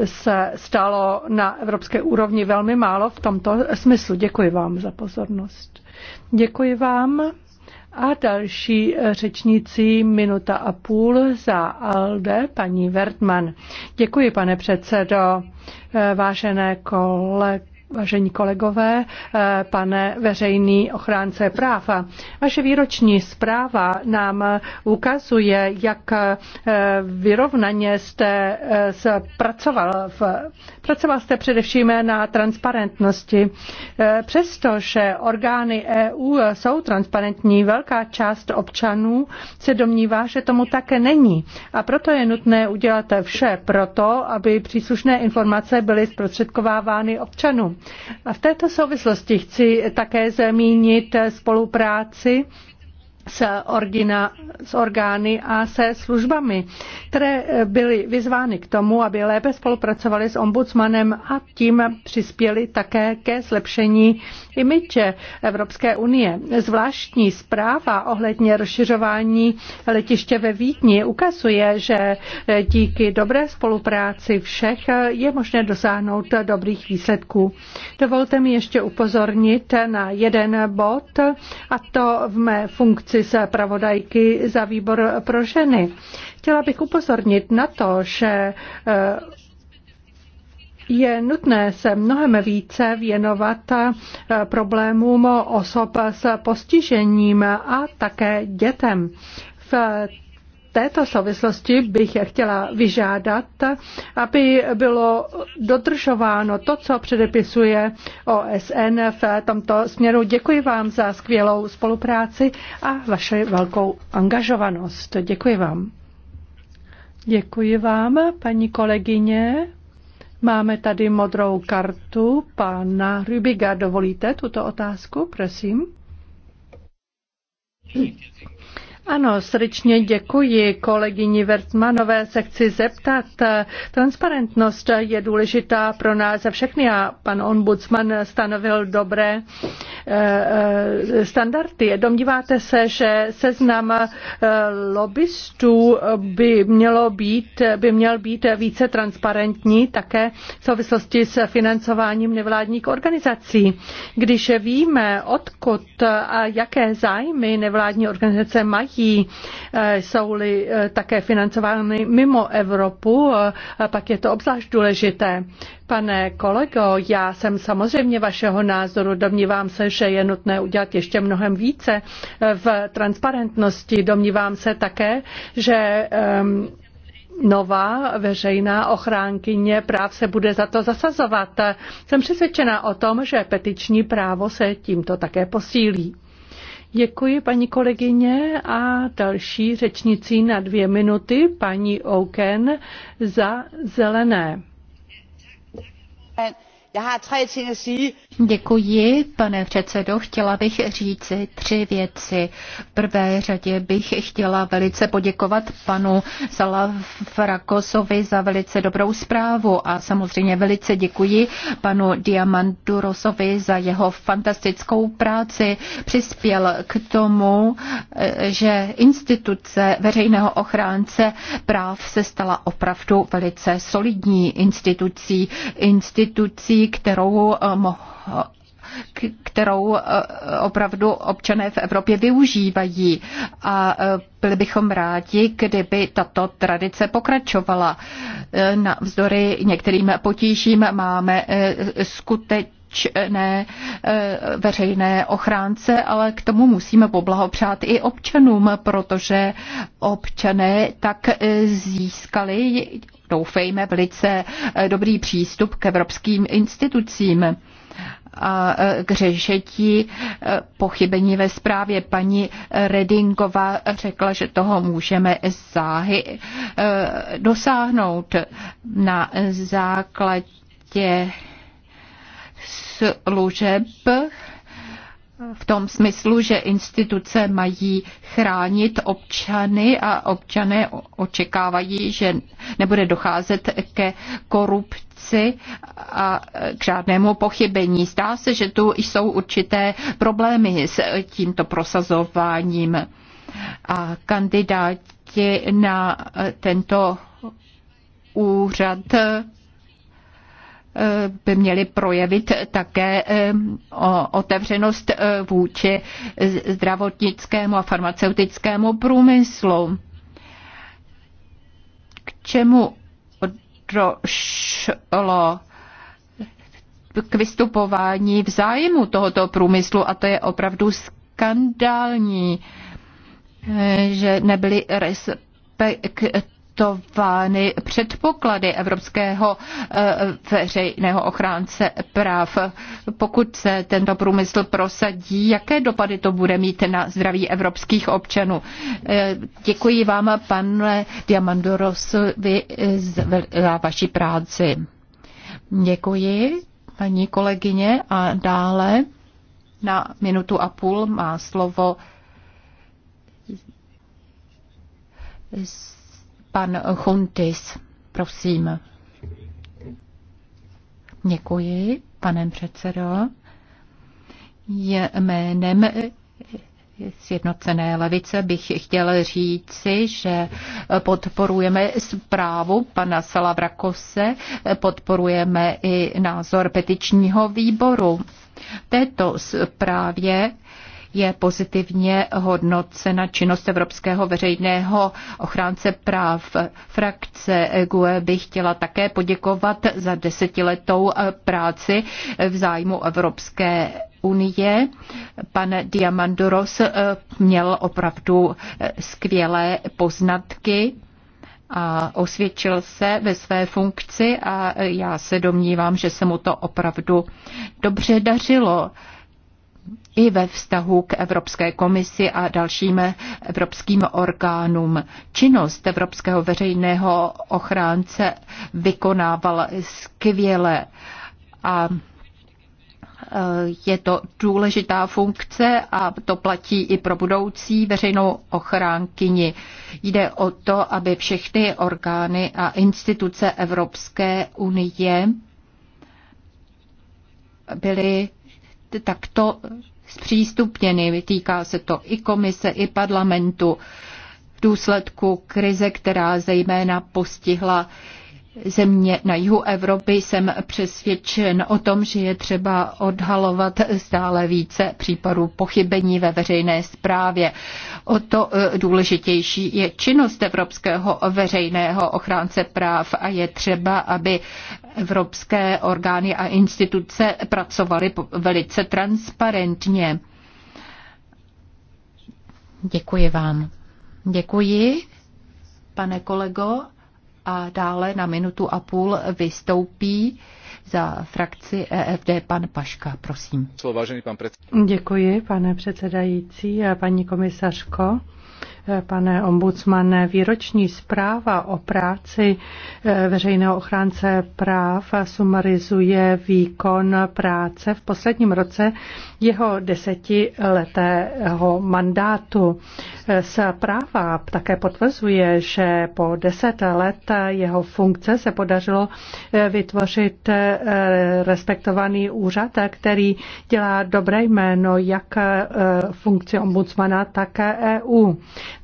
se stalo na evropské úrovni velmi málo v tomto smyslu. Děkuji vám za pozornost. Děkuji vám. A další řečnící minuta a půl za ALDE, paní Vertman. Děkuji, pane předsedo, vážené kolegy Vážení kolegové, eh, pane veřejný ochránce práv, vaše výroční zpráva nám ukazuje, jak eh, vyrovnaně jste eh, pracoval v Pracoval jste především na transparentnosti. Eh, přestože orgány EU jsou transparentní, velká část občanů se domnívá, že tomu také není. A proto je nutné udělat vše proto, aby příslušné informace byly zprostředkovávány občanům. A v této souvislosti chci také zmínit spolupráci s, orgina, s orgány a se službami, které byly vyzvány k tomu, aby lépe spolupracovali s ombudsmanem a tím přispěli také ke zlepšení imidže Evropské unie. Zvláštní zpráva ohledně rozšiřování letiště ve Vídni ukazuje, že díky dobré spolupráci všech je možné dosáhnout dobrých výsledků. Dovolte mi ještě upozornit na jeden bod, a to v mé funkci se pravodajky za výbor pro ženy. Chtěla bych upozornit na to, že eh, je nutné se mnohem více věnovat eh, problémům osob s postižením a také dětem. V této souvislosti bych chtěla vyžádat, aby bylo dodržováno to, co předepisuje OSN v tomto směru. Děkuji vám za skvělou spolupráci a vaši velkou angažovanost. Děkuji vám. Děkuji vám, paní kolegyně. Máme tady modrou kartu pana Rubiga. Dovolíte tuto otázku, prosím? Ano, srdečně děkuji kolegyni Vertmanové. Se chci zeptat, transparentnost je důležitá pro nás a všechny a pan ombudsman stanovil dobré eh, eh, standardy. Domníváte se, že seznam eh, lobbystů by, mělo být, by měl být více transparentní také v souvislosti s financováním nevládních organizací. Když víme, odkud a jaké zájmy nevládní organizace mají, třetí. Eh, jsou-li eh, také financovány mimo Evropu, eh, pak je to obzvlášť důležité. Pane kolego, já jsem samozřejmě vašeho názoru. Domnívám se, že je nutné udělat ještě mnohem více v transparentnosti. Domnívám se také, že ehm, nová veřejná ochránkyně práv se bude za to zasazovat. Jsem přesvědčena o tom, že petiční právo se tímto také posílí. Děkuji paní kolegyně a další řečnicí na dvě minuty, paní Oken za zelené. Eh, Děkuji, pane předsedo. Chtěla bych říci tři věci. V prvé řadě bych chtěla velice poděkovat panu Salafrakosovi za velice dobrou zprávu a samozřejmě velice děkuji panu Diamandurosovi za jeho fantastickou práci. Přispěl k tomu, že instituce veřejného ochránce práv se stala opravdu velice solidní institucí, institucí kterou eh, kterou eh, opravdu občané v Evropě využívají. A eh, byli bychom rádi, kdyby tato tradice pokračovala. Na vzdory některým potížím máme skutečné veřejné ochránce, ale k tomu musíme poblahopřát i občanům, protože občané tak získali doufejme, velice eh, dobrý přístup k evropským institucím a eh, k řešení eh, pochybení ve zprávě. Paní Redingová řekla, že toho můžeme záhy dosáhnout na základě služeb v tom smyslu, že instituce mají chránit občany a občané očekávají, že nebude docházet ke korupci a k žádnému pochybení. Zdá se, že tu jsou určité problémy s tímto prosazováním. A kandidáti na tento úřad by měli projevit také otevřenost eh, vůči zdravotnickému a farmaceutickému průmyslu. K čemu došlo k vystupování v zájmu tohoto průmyslu a to je opravdu skandální, eh, že nebyly respektovány akceptovány předpoklady Evropského eh, veřejného ochránce práv. Pokud se tento průmysl prosadí, jaké dopady to bude mít na zdraví evropských občanů? Eh, děkuji vám, pane vy za vaši práci. Děkuji, paní kolegyně, a dále na minutu a půl má slovo Pan Chuntis, prosím. Děkuji, panem předsedo. Je jménem Sjednocené levice bych chtěl říci, že podporujeme zprávu pana Salavrakose, podporujeme i názor petičního výboru. V této zprávě je pozitivně hodnocena činnost Evropského veřejného ochránce práv. Frakce GUE by chtěla také poděkovat za desetiletou eh, práci v zájmu Evropské unie. Pan Diamandoros eh, měl opravdu eh, skvělé poznatky a osvědčil se ve své funkci a já se domnívám, že se mu to opravdu dobře dařilo i ve vztahu k Evropské komisi a dalším evropským orgánům. Činnost Evropského veřejného ochránce vykonával skvěle a e, je to důležitá funkce a to platí i pro budoucí veřejnou ochránkyni. Jde o to, aby všechny orgány a instituce Evropské unie byly takto zpřístupněny. Týká se to i komise, i parlamentu v důsledku krize, která zejména postihla země na jihu Evropy jsem přesvědčen o tom, že je třeba odhalovat stále více případů pochybení ve veřejné správě. O to eh, důležitější je činnost Evropského veřejného ochránce práv a je třeba, aby evropské orgány a instituce pracovaly velice transparentně. Děkuji vám. Děkuji, pane kolego. A dále na minutu a půl vystoupí za frakci EFD pan Paška, prosím. Děkuji, pane předsedající a paní komisařko. Pane ombudsmane, výroční zpráva o práci eh, veřejného ochránce práv sumarizuje výkon práce v posledním roce jeho desetiletého mandátu. Zpráva také potvrzuje, že po deset let jeho funkce se podařilo eh, vytvořit eh, respektovaný úřad, který dělá dobré jméno jak funkci ombudsmana, tak EU.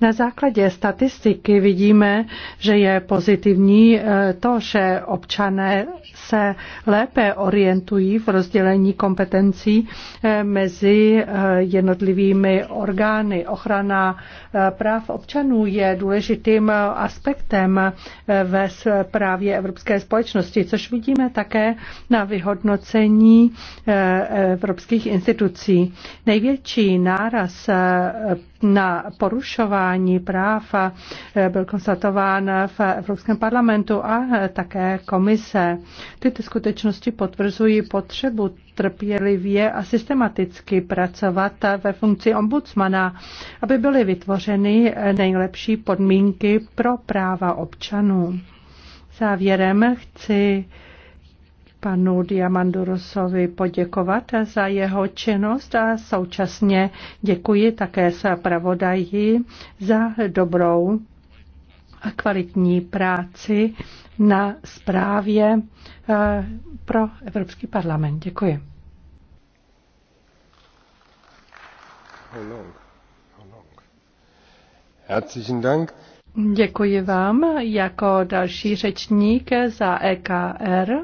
Na základě statistiky vidíme, že je pozitivní eh, to, že občané se lépe orientují v rozdělení kompetencí eh, mezi eh, jednotlivými orgány. Ochrana práv občanů je důležitým aspektem ve právě Evropské společnosti, což vidíme také na vyhodnocení evropských institucí. Největší náraz na porušování porušování práv eh, byl konstatován v Evropském parlamentu a eh, také komise. Tyto skutečnosti potvrzují potřebu trpělivě a systematicky pracovat ve funkci ombudsmana, aby byly vytvořeny eh, nejlepší podmínky pro práva občanů. Závěrem chci panu Diamandurosovi poděkovat za jeho činnost a současně děkuji také pravodají za dobrou a kvalitní práci na zprávě eh, pro Evropský parlament. Děkuji. Herzlichen Dank. Děkuji vám jako další řečník za EKR.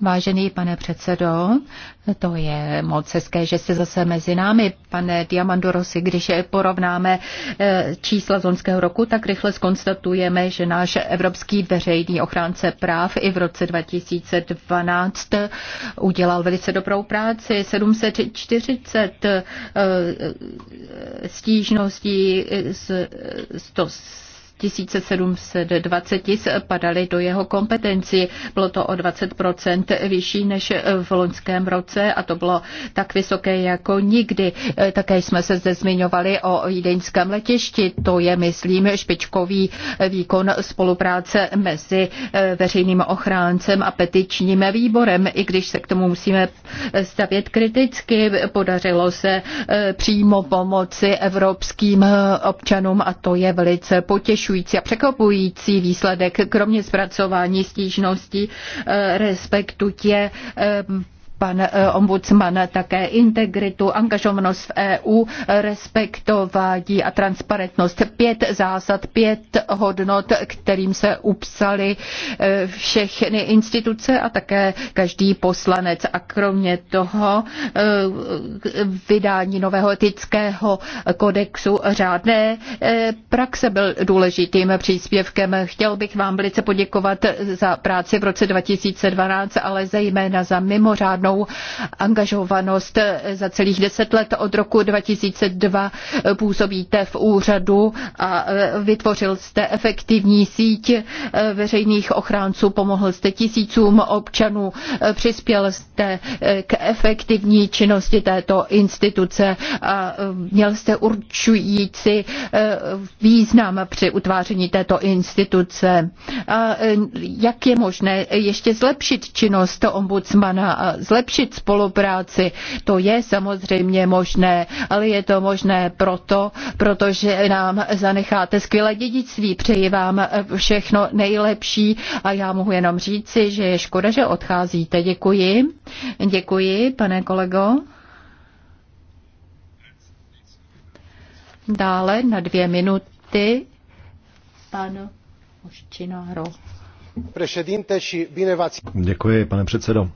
Vážený pane předsedo, to je moc hezké, že jste zase mezi námi, pane Diamandorosi. Když porovnáme eh, čísla z loňského roku, tak rychle skonstatujeme, že náš evropský veřejný ochránce práv i v roce 2012 udělal velice dobrou práci. 740 eh, stížností z 100 1720 spadaly do jeho kompetenci. Bylo to o 20 vyšší než v loňském roce a to bylo tak vysoké jako nikdy. E, také jsme se zde zmiňovali o jídeňském letišti. To je, myslím, špičkový výkon spolupráce mezi e, veřejným ochráncem a petičním výborem, i když se k tomu musíme stavět kriticky. Podařilo se e, přímo pomoci evropským občanům a to je velice potěšující potěšující a překopující výsledek, kromě zpracování stížností, eh, respektuje pan eh, ombudsman také integritu, angažovanost v EU, respektování a transparentnost. Pět zásad, pět hodnot, kterým se upsaly eh, všechny instituce a také každý poslanec. A kromě toho eh, vydání nového etického kodexu řádné praxe byl důležitým příspěvkem. Chtěl bych vám velice poděkovat za práci v roce 2012, ale zejména za mimořádnou silnou angažovanost. Za celých deset let od roku 2002 působíte v úřadu a vytvořil jste efektivní síť veřejných ochránců, pomohl jste tisícům občanů, přispěl jste k efektivní činnosti této instituce a měl jste určující význam při utváření této instituce. A jak je možné ještě zlepšit činnost ombudsmana a zlepšit zlepšit spolupráci. To je samozřejmě možné, ale je to možné proto, protože nám zanecháte skvělé dědictví. Přeji vám všechno nejlepší a já mohu jenom říci, že je škoda, že odcházíte. Děkuji. Děkuji, pane kolego. Dále na dvě minuty pan Oščinaro. Děkuji, pane předsedo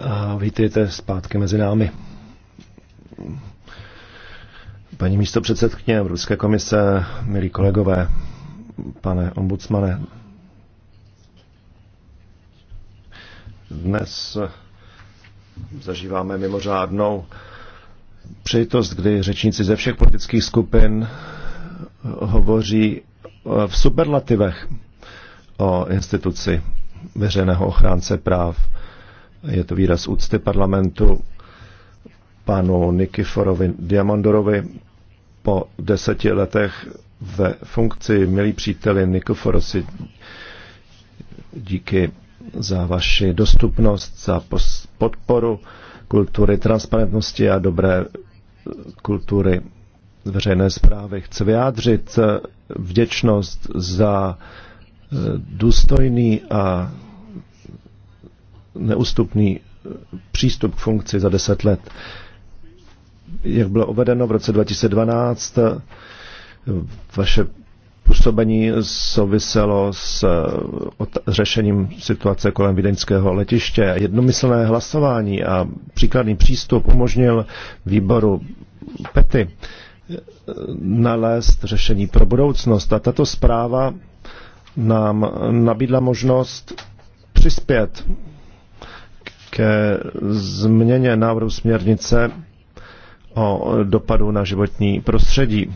a vítejte zpátky mezi námi. Paní místo předsedkyně Evropské komise, milí kolegové, pane ombudsmane, dnes zažíváme mimořádnou přejitost, kdy řečníci ze všech politických skupin hovoří v superlativech o instituci veřejného ochránce práv je to výraz úcty parlamentu panu Nikiforovi Diamandorovi po deseti letech ve funkci. Milí příteli Nikiforosi, díky za vaši dostupnost, za podporu kultury transparentnosti a dobré kultury veřejné zprávy. Chci vyjádřit vděčnost za eh, důstojný a neústupný přístup k funkci za deset let. Jak bylo uvedeno v roce 2012, vaše působení souviselo s řešením situace kolem vídeňského letiště. Jednomyslné hlasování a příkladný přístup umožnil výboru PETY eh, nalézt řešení pro budoucnost. A tato zpráva nám nabídla možnost přispět ke změně návrhu směrnice o dopadu na životní prostředí,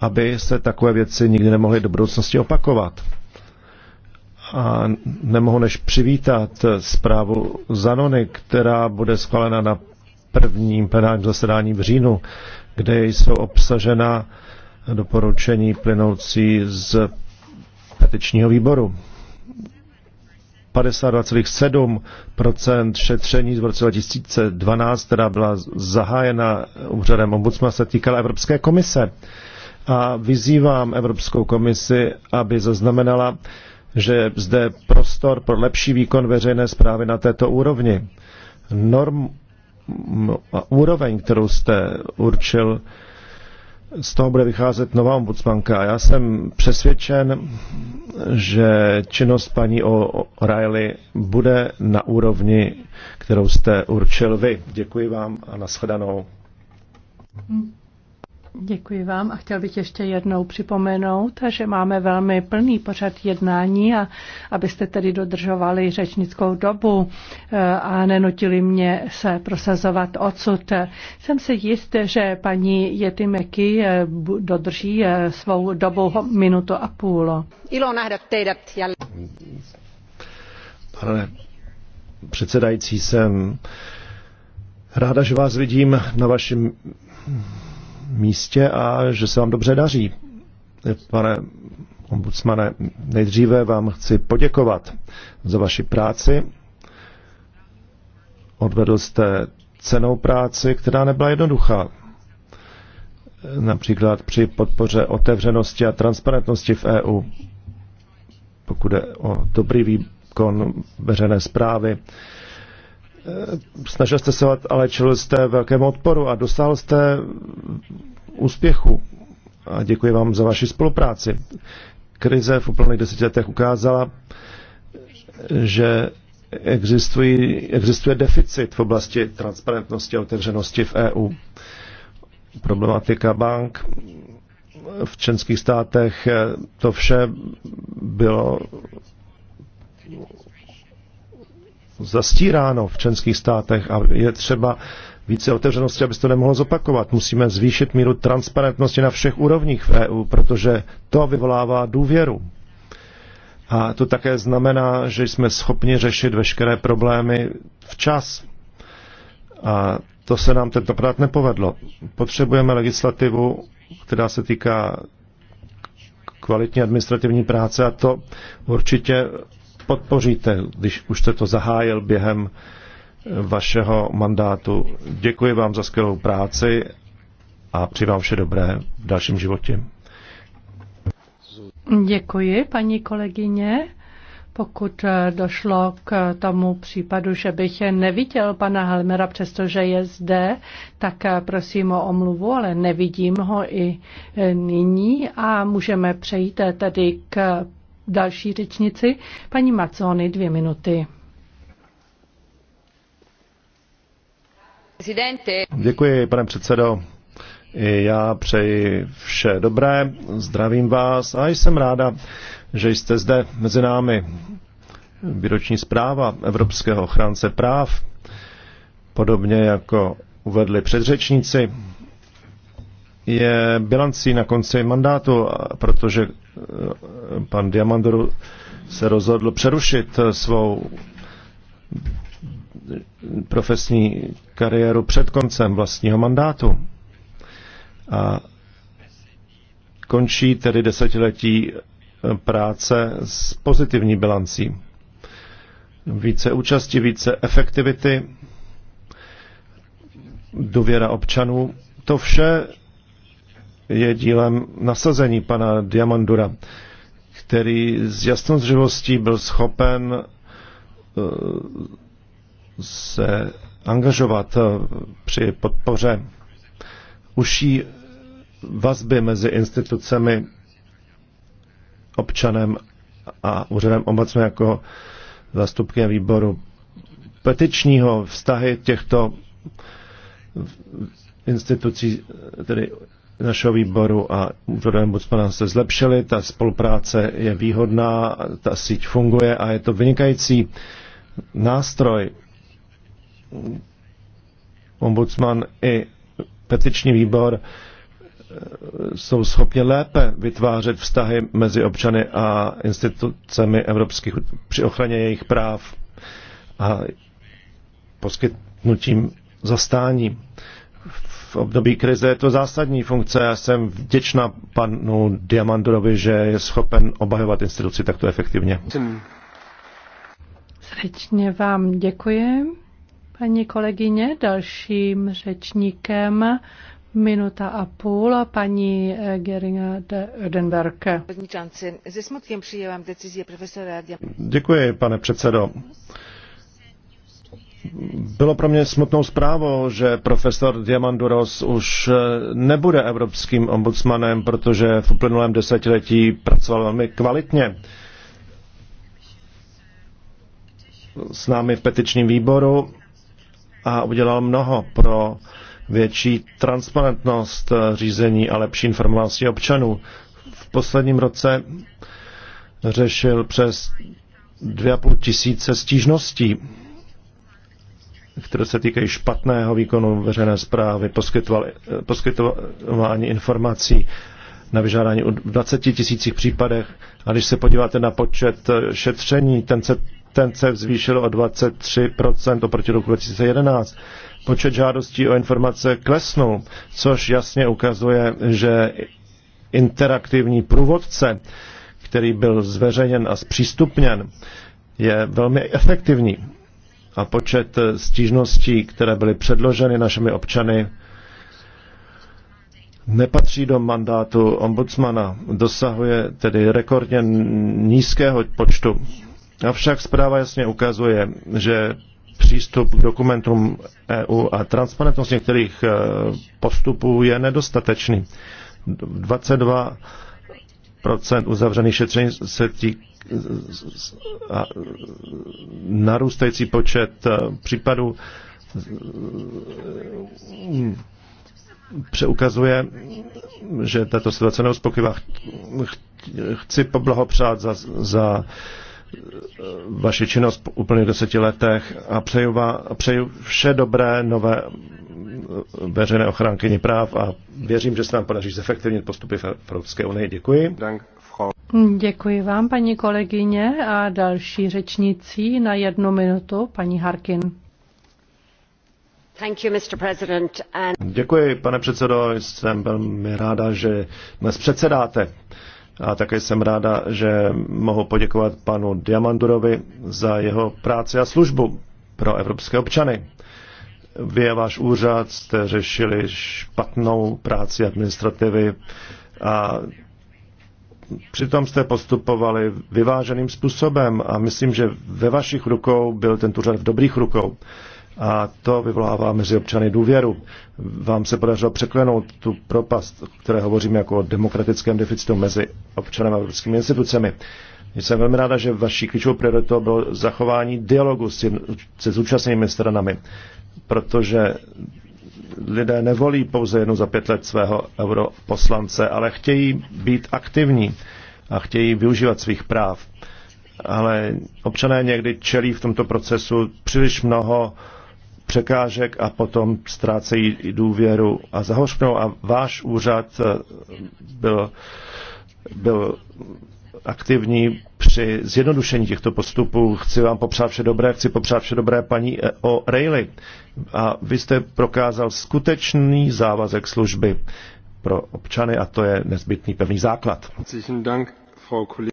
aby se takové věci nikdy nemohly do budoucnosti opakovat. A nemohu než přivítat zprávu Zanony, která bude schválena na prvním plenárním zasedání v říjnu, kde jsou obsažena doporučení plynoucí z petičního výboru. 52,7 šetření z roce 2012, která byla zahájena úřadem ombudsmana, se týkala Evropské komise. A vyzývám Evropskou komisi, aby zaznamenala, že zde prostor pro lepší výkon veřejné zprávy na této úrovni. Norm, úroveň, kterou jste určil, z toho bude vycházet nová ombudsmanka. Já jsem přesvědčen, že činnost paní O'Reilly bude na úrovni, kterou jste určil vy. Děkuji vám a nashledanou. Hm. Děkuji vám a chtěl bych ještě jednou připomenout, že máme velmi plný pořad jednání a abyste tedy dodržovali řečnickou dobu eh, a nenutili mě se prosazovat odsud. Jsem si jist, že paní Jety Meky eh, dodrží eh, svou dobu minutu a půl. Ilo Pane předsedající, jsem ráda, že vás vidím na vašem místě a že se vám dobře daří. Eh, Pane ombudsmane, nejdříve vám chci poděkovat za vaši práci. Odvedl jste cenou práci, která nebyla jednoduchá. Například při podpoře otevřenosti a transparentnosti v EU, pokud je o dobrý výkon veřejné zprávy, Eh, snažil jste se, ale čelil jste velkému odporu a dostal jste úspěchu. A děkuji vám za vaši spolupráci. Krize v uplynulých deseti letech ukázala, že existují, existuje deficit v oblasti transparentnosti a otevřenosti v EU. Problematika bank v členských státech, eh, to vše bylo zastíráno v členských státech a je třeba více otevřenosti, aby se to nemohlo zopakovat. Musíme zvýšit míru transparentnosti na všech úrovních v EU, protože to vyvolává důvěru. A to také znamená, že jsme schopni řešit veškeré problémy včas. A to se nám tentokrát nepovedlo. Potřebujeme legislativu, která se týká kvalitní administrativní práce a to určitě podpoříte, když už jste to zahájil během vašeho mandátu. Děkuji vám za skvělou práci a přeji vám vše dobré v dalším životě. Děkuji, paní kolegyně. Pokud eh, došlo k tomu případu, že bych neviděl pana Helmera, přestože je zde, tak eh, prosím o omluvu, ale nevidím ho i eh, nyní a můžeme přejít tedy k další řečnici, paní Macony, dvě minuty. Děkuji, pane předsedo. Já přeji vše dobré, zdravím vás a jsem ráda, že jste zde mezi námi. Výroční zpráva Evropského ochránce práv, podobně jako uvedli předřečníci, je bilancí na konci mandátu, protože pan Diamandoru se rozhodl přerušit svou profesní kariéru před koncem vlastního mandátu. A končí tedy desetiletí práce s pozitivní bilancí. Více účasti, více efektivity, důvěra občanů. To vše je dílem nasazení pana Diamandura, který s jasnou zřivostí byl schopen eh, se angažovat eh, při podpoře uší vazby mezi institucemi, občanem a úřadem obecně jako zastupkem výboru petičního vztahy těchto institucí, tedy našeho výboru a úřadem Bucmana se zlepšily, ta spolupráce je výhodná, ta síť funguje a je to vynikající nástroj. Ombudsman i petiční výbor eh, jsou schopni lépe vytvářet vztahy mezi občany a institucemi evropských při ochraně jejich práv a poskytnutím zastání. V v období krize je to zásadní funkce. Já jsem vděčná panu Diamandurovi, že je schopen obhajovat instituci takto efektivně. Srdečně vám děkuji. Paní kolegyně, dalším řečníkem minuta a půl paní eh, Geringa de Ödenberg. Děkuji, pane předsedo bylo pro mě smutnou zprávou, že profesor Diamanduros už eh, nebude evropským ombudsmanem, protože v uplynulém desetiletí pracoval velmi kvalitně s námi v petičním výboru a udělal mnoho pro větší transparentnost eh, řízení a lepší informace občanů. V posledním roce řešil přes 2,5 tisíce stížností které se týkají špatného výkonu veřejné zprávy, poskytování informací na vyžádání o 20 tisících případech. A když se podíváte na počet eh, šetření, ten se, ten se zvýšil o 23% oproti roku 2011. Počet žádostí o informace klesnou, což jasně ukazuje, že interaktivní průvodce, který byl zveřejněn a zpřístupněn, je velmi efektivní a počet stížností, které byly předloženy našimi občany, nepatří do mandátu ombudsmana, dosahuje tedy rekordně nízkého počtu. Avšak zpráva jasně ukazuje, že přístup k dokumentům EU a transparentnost některých eh, postupů je nedostatečný. 22 uzavřených šetření se týká narůstající počet eh, případů eh, přeukazuje, že tato situace neuspokojivá. Chci poblahopřát za, za eh, vaši činnost po úplných deseti letech a přeju, vám, přeju vše dobré nové veřejné ochránkyni práv a věřím, že se nám podaří zefektivnit postupy v Evropské unii. Děkuji. Dank. Děkuji vám, paní kolegyně, a další řečnicí na jednu minutu, paní Harkin. You, And... Děkuji, pane předsedo, jsem velmi ráda, že dnes předsedáte. A také jsem ráda, že mohu poděkovat panu Diamandurovi za jeho práci a službu pro evropské občany. Vy a váš úřad jste řešili špatnou práci administrativy a Přitom jste postupovali vyváženým způsobem a myslím, že ve vašich rukou byl tento úřad v dobrých rukou. A to vyvolává mezi občany důvěru. Vám se podařilo překlenout tu propast, o které hovořím jako o demokratickém deficitu mezi občanem a evropskými institucemi. Jsem velmi ráda, že vaší klíčovou prioritou bylo zachování dialogu se zúčastněnými stranami, protože lidé nevolí pouze jenom za pět let svého europoslance, ale chtějí být aktivní a chtějí využívat svých práv. Ale občané někdy čelí v tomto procesu příliš mnoho překážek a potom ztrácejí důvěru a zahořknou. A váš úřad eh, byl, byl aktivní při zjednodušení těchto postupů. Chci vám popřát vše dobré, chci popřát vše dobré paní e o Rayleigh. A vy jste prokázal skutečný závazek služby pro občany a to je nezbytný pevný základ.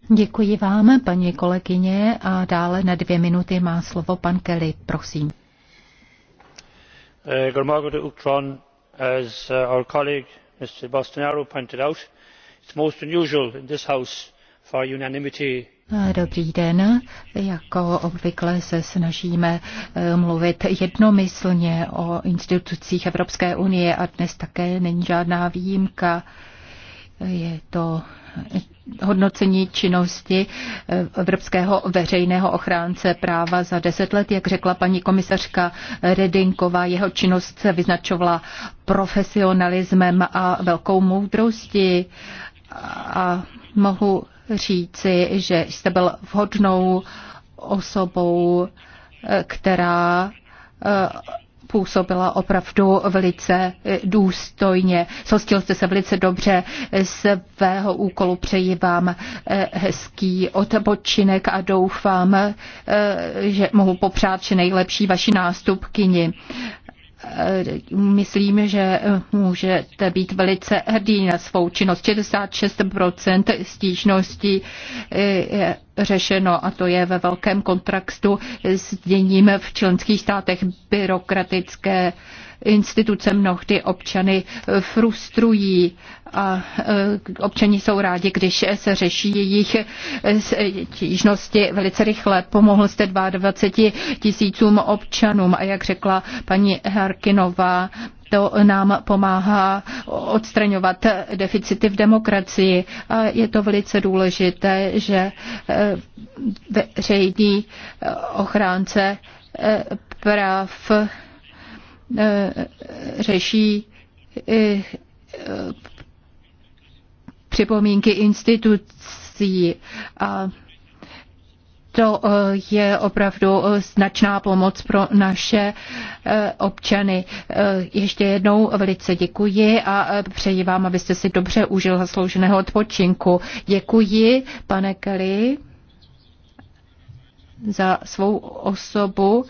Děkuji vám, paní kolegyně, a dále na dvě minuty má slovo pan Kelly, prosím. Eh, As uh, our colleague Mr. Bolsonaro pointed out, it's most unusual in this House Dobrý den. Jako obvykle se snažíme eh, mluvit jednomyslně o institucích Evropské unie a dnes také není žádná výjimka. Je to hodnocení činnosti eh, Evropského veřejného ochránce práva za deset let, jak řekla paní komisařka Redinková. Jeho činnost se vyznačovala profesionalismem a velkou moudrostí. A mohu říci, že jste byl vhodnou osobou, eh, která eh, působila opravdu velice eh, důstojně. Sostil jste se velice dobře svého úkolu. Přeji vám hezký odpočinek a doufám, že mohu popřát vše nejlepší vaší nástupkyni myslím, že můžete být velice hrdý na svou činnost. 66% stížností řešeno a to je ve velkém kontraktu s děním v členských státech byrokratické instituce mnohdy občany frustrují a e, občani jsou rádi, když se řeší jejich e, stížnosti e, velice rychle. Pomohl jste 22 tisícům občanům a jak řekla paní Harkinová, to nám pomáhá odstraňovat deficity v demokracii. A je to velice důležité, že e, veřejní e, ochránce e, práv řeší připomínky institucí a to eh, je opravdu eh, značná pomoc pro naše eh, občany. Ještě jednou velice děkuji a přeji vám, abyste si dobře užil zaslouženého odpočinku. Děkuji, pane Kelly, za svou osobu.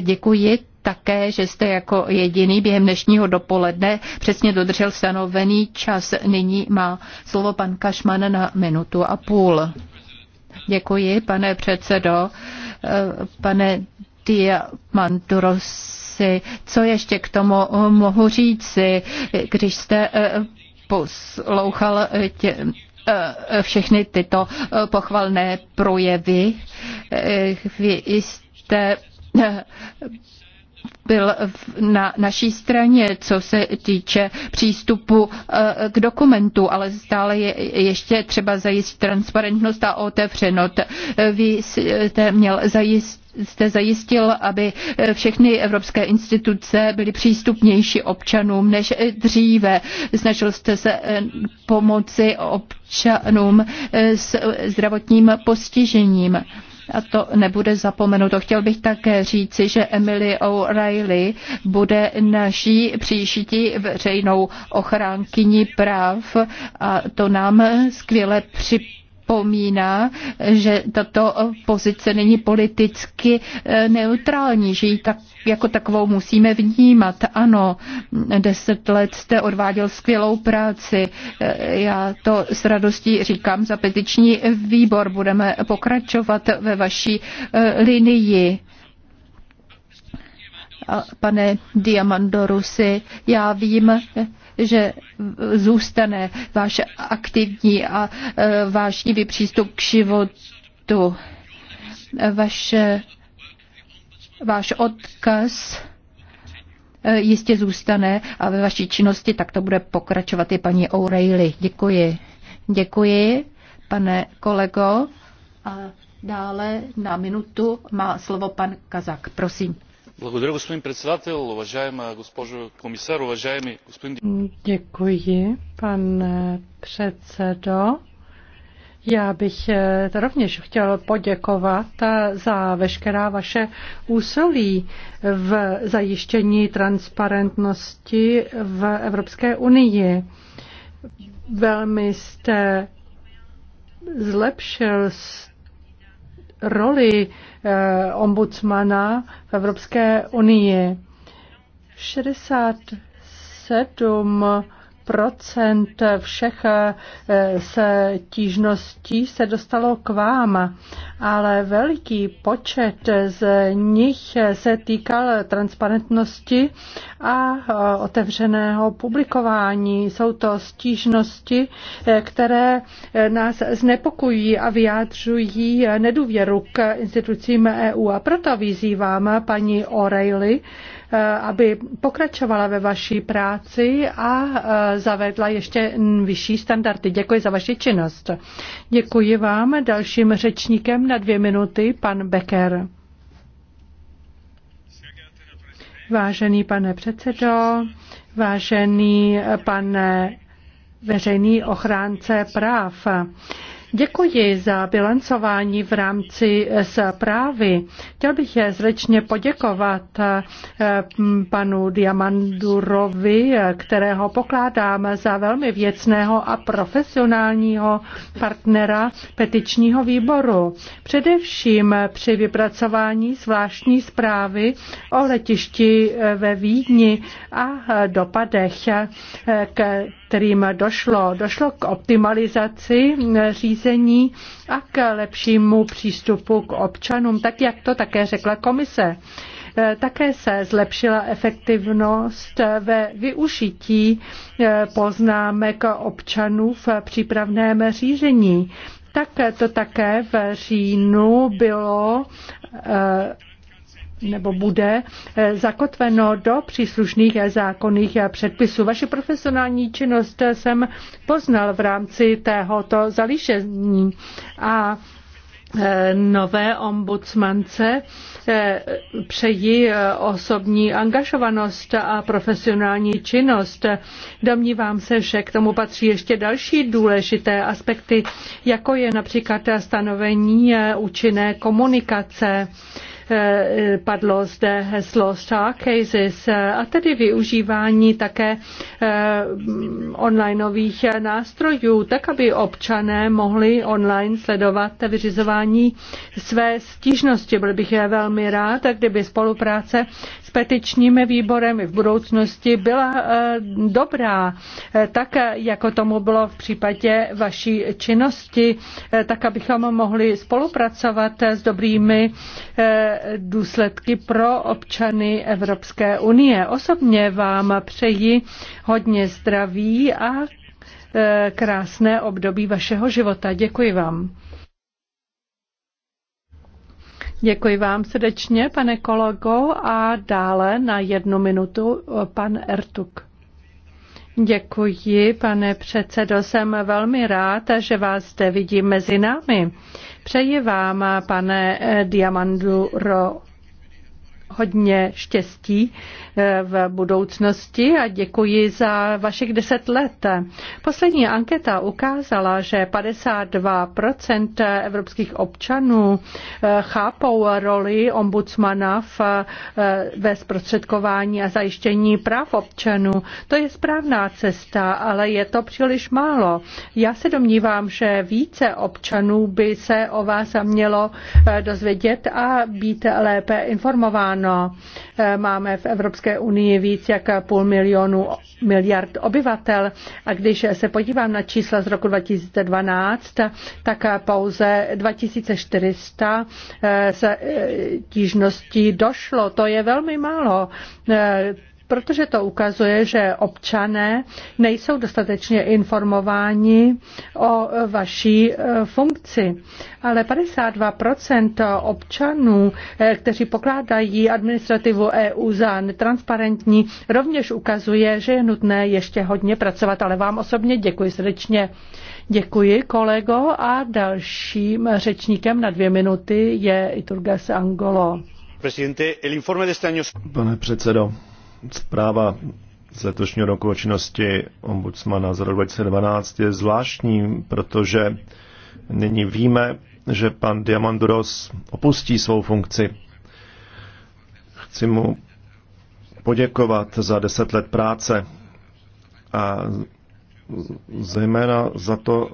Děkuji také, že jste jako jediný během dnešního dopoledne přesně dodržel stanovený čas. Nyní má slovo pan Kašman na minutu a půl. Děkuji, pane předsedo. Pane Diamandurosi, co ještě k tomu mohu říci, když jste eh, poslouchal tě, eh, všechny tyto eh, pochvalné projevy. Vy jste byl na naší straně, co se týče přístupu eh, k dokumentu, ale stále je ještě třeba zajistit transparentnost a otevřenost. Eh, vy jste měl zajistit jste zajistil, aby eh, všechny evropské instituce byly přístupnější občanům než dříve. Snažil jste se pomoci občanům s zdravotním postižením a to nebude zapomenuto. Chtěl bych také říci, že Emily O'Reilly bude naší příští veřejnou ochránkyní práv a to nám skvěle připadá připomíná, že tato pozice není politicky eh, neutrální, že ji tak, jako takovou musíme vnímat. Ano, deset let jste odváděl skvělou práci. Eh, já to s radostí říkám za petiční výbor. Budeme pokračovat ve vaší eh, linii. Pane Diamandorusi, já vím, že zůstane váš aktivní a e, vášnivý přístup k životu. Vaše, váš odkaz e, jistě zůstane a ve vaší činnosti tak to bude pokračovat i paní O'Reilly. Děkuji. Děkuji, pane kolego. A dále na minutu má slovo pan Kazak. Prosím господин председател уважаема госпожо комисар уважаеми господин Děkuji, pane předsedo. Já bych rovněž chtěl poděkovat e, za veškerá vaše úsilí v zajištění transparentnosti v Evropské unii. Velmi jste zlepšil roli eh, ombudsmana v Evropské unii. 67 procent všech eh, se tížností se dostalo k vám, ale veliký počet z nich se týkal transparentnosti a eh, otevřeného publikování. Jsou to stížnosti, eh, které nás znepokojí a vyjádřují nedůvěru k institucím EU. A proto vyzývám paní O'Reilly, Eh, aby pokračovala ve vaší práci a eh, zavedla ještě vyšší standardy. Děkuji za vaši činnost. Děkuji vám. Dalším řečníkem na dvě minuty pan Becker. Vážený pane předsedo, vážený eh, pane veřejný ochránce práv. Děkuji za bilancování v rámci eh, zprávy. Chtěl bych zlečně poděkovat eh, panu Diamandurovi, eh, kterého pokládám za velmi věcného a profesionálního partnera petičního výboru. Především při vypracování zvláštní zprávy o letišti ve Vídni a dopadech k kterým došlo. Došlo k optimalizaci eh, řízení a k lepšímu přístupu k občanům, tak jak to také řekla komise. Eh, také se zlepšila efektivnost eh, ve využití poznámek občanů v přípravném řízení. Tak to také v říjnu bylo nebo bude eh, zakotveno do příslušných zákonných předpisů. Vaši profesionální činnost jsem poznal v rámci tohoto zalíšení a eh, nové ombudsmance eh, přeji osobní angažovanost a profesionální činnost. Domnívám se, že k tomu patří ještě další důležité aspekty, jako je například stanovení účinné komunikace Eh, padlo zde heslo Cases, eh, a tedy využívání také eh, onlineových nástrojů, tak aby občané mohli online sledovat vyřizování své stížnosti. Byl bych velmi rád, kdyby spolupráce petičním výborem v budoucnosti byla eh, dobrá, eh, tak eh, jako tomu bylo v případě vaší činnosti, tak abychom mohli spolupracovat s dobrými důsledky pro občany Evropské unie. Osobně vám přeji hodně zdraví a krásné období vašeho života. Děkuji vám. Děkuji vám srdečně, pane kolego, a dále na jednu minutu eh, pan Ertuk. Děkuji, pane předsedo. Jsem velmi rád, že vás zde vidím mezi námi. Přeji vám, pane eh, Diamandu Ro hodně štěstí eh, v budoucnosti a děkuji za vašich deset let. Poslední anketa ukázala, že 52% evropských občanů eh, chápou roli ombudsmana v, eh, ve zprostředkování a zajištění práv občanů. To je správná cesta, ale je to příliš málo. Já se domnívám, že více občanů by se o vás mělo dozvědět a být lépe informováno ano, eh, máme v Evropské unii víc jak půl milionu miliard obyvatel a když se podívám na čísla z roku 2012, tak pouze 2400 eh, se eh, tížností došlo. To je velmi málo protože to ukazuje, že občané nejsou dostatečně informováni o vaší e, funkci. Ale 52% občanů, e, kteří pokládají administrativu EU za netransparentní, rovněž ukazuje, že je nutné ještě hodně pracovat. Ale vám osobně děkuji srdečně. Děkuji, kolego. A dalším řečníkem na dvě minuty je Iturgas Angolo. Pane předsedo, zpráva z letošního roku o činnosti ombudsmana za rok 2012 je zvláštní, protože nyní víme, že pan Diamanduros opustí svou funkci. Chci mu poděkovat za deset let práce a zejména za to,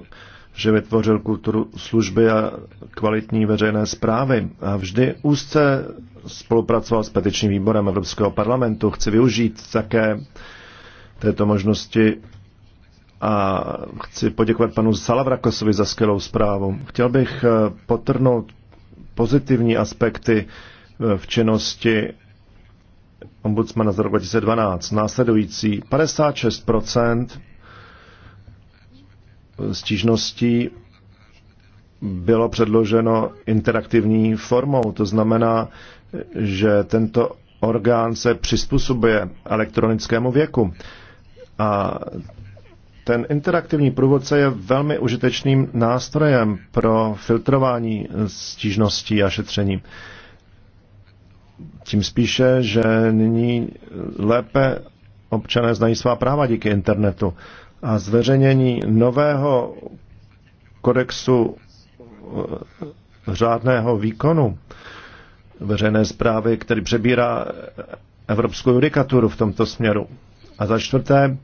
že vytvořil kulturu služby a kvalitní veřejné zprávy a vždy úzce spolupracoval s petičním výborem Evropského parlamentu. Chci využít také této možnosti a chci poděkovat panu Salavrakosovi za skvělou zprávu. Chtěl bych eh, potrhnout pozitivní aspekty eh, v činnosti ombudsmana z roku 2012. Následující 56 stížností bylo předloženo interaktivní formou. To znamená, že tento orgán se přizpůsobuje elektronickému věku. A ten interaktivní průvodce je velmi užitečným nástrojem pro filtrování stížností a šetření. Tím spíše, že nyní lépe občané znají svá práva díky internetu a zveřejnění nového kodexu eh, řádného výkonu veřejné zprávy, který přebírá evropskou judikaturu v tomto směru. A za čtvrté,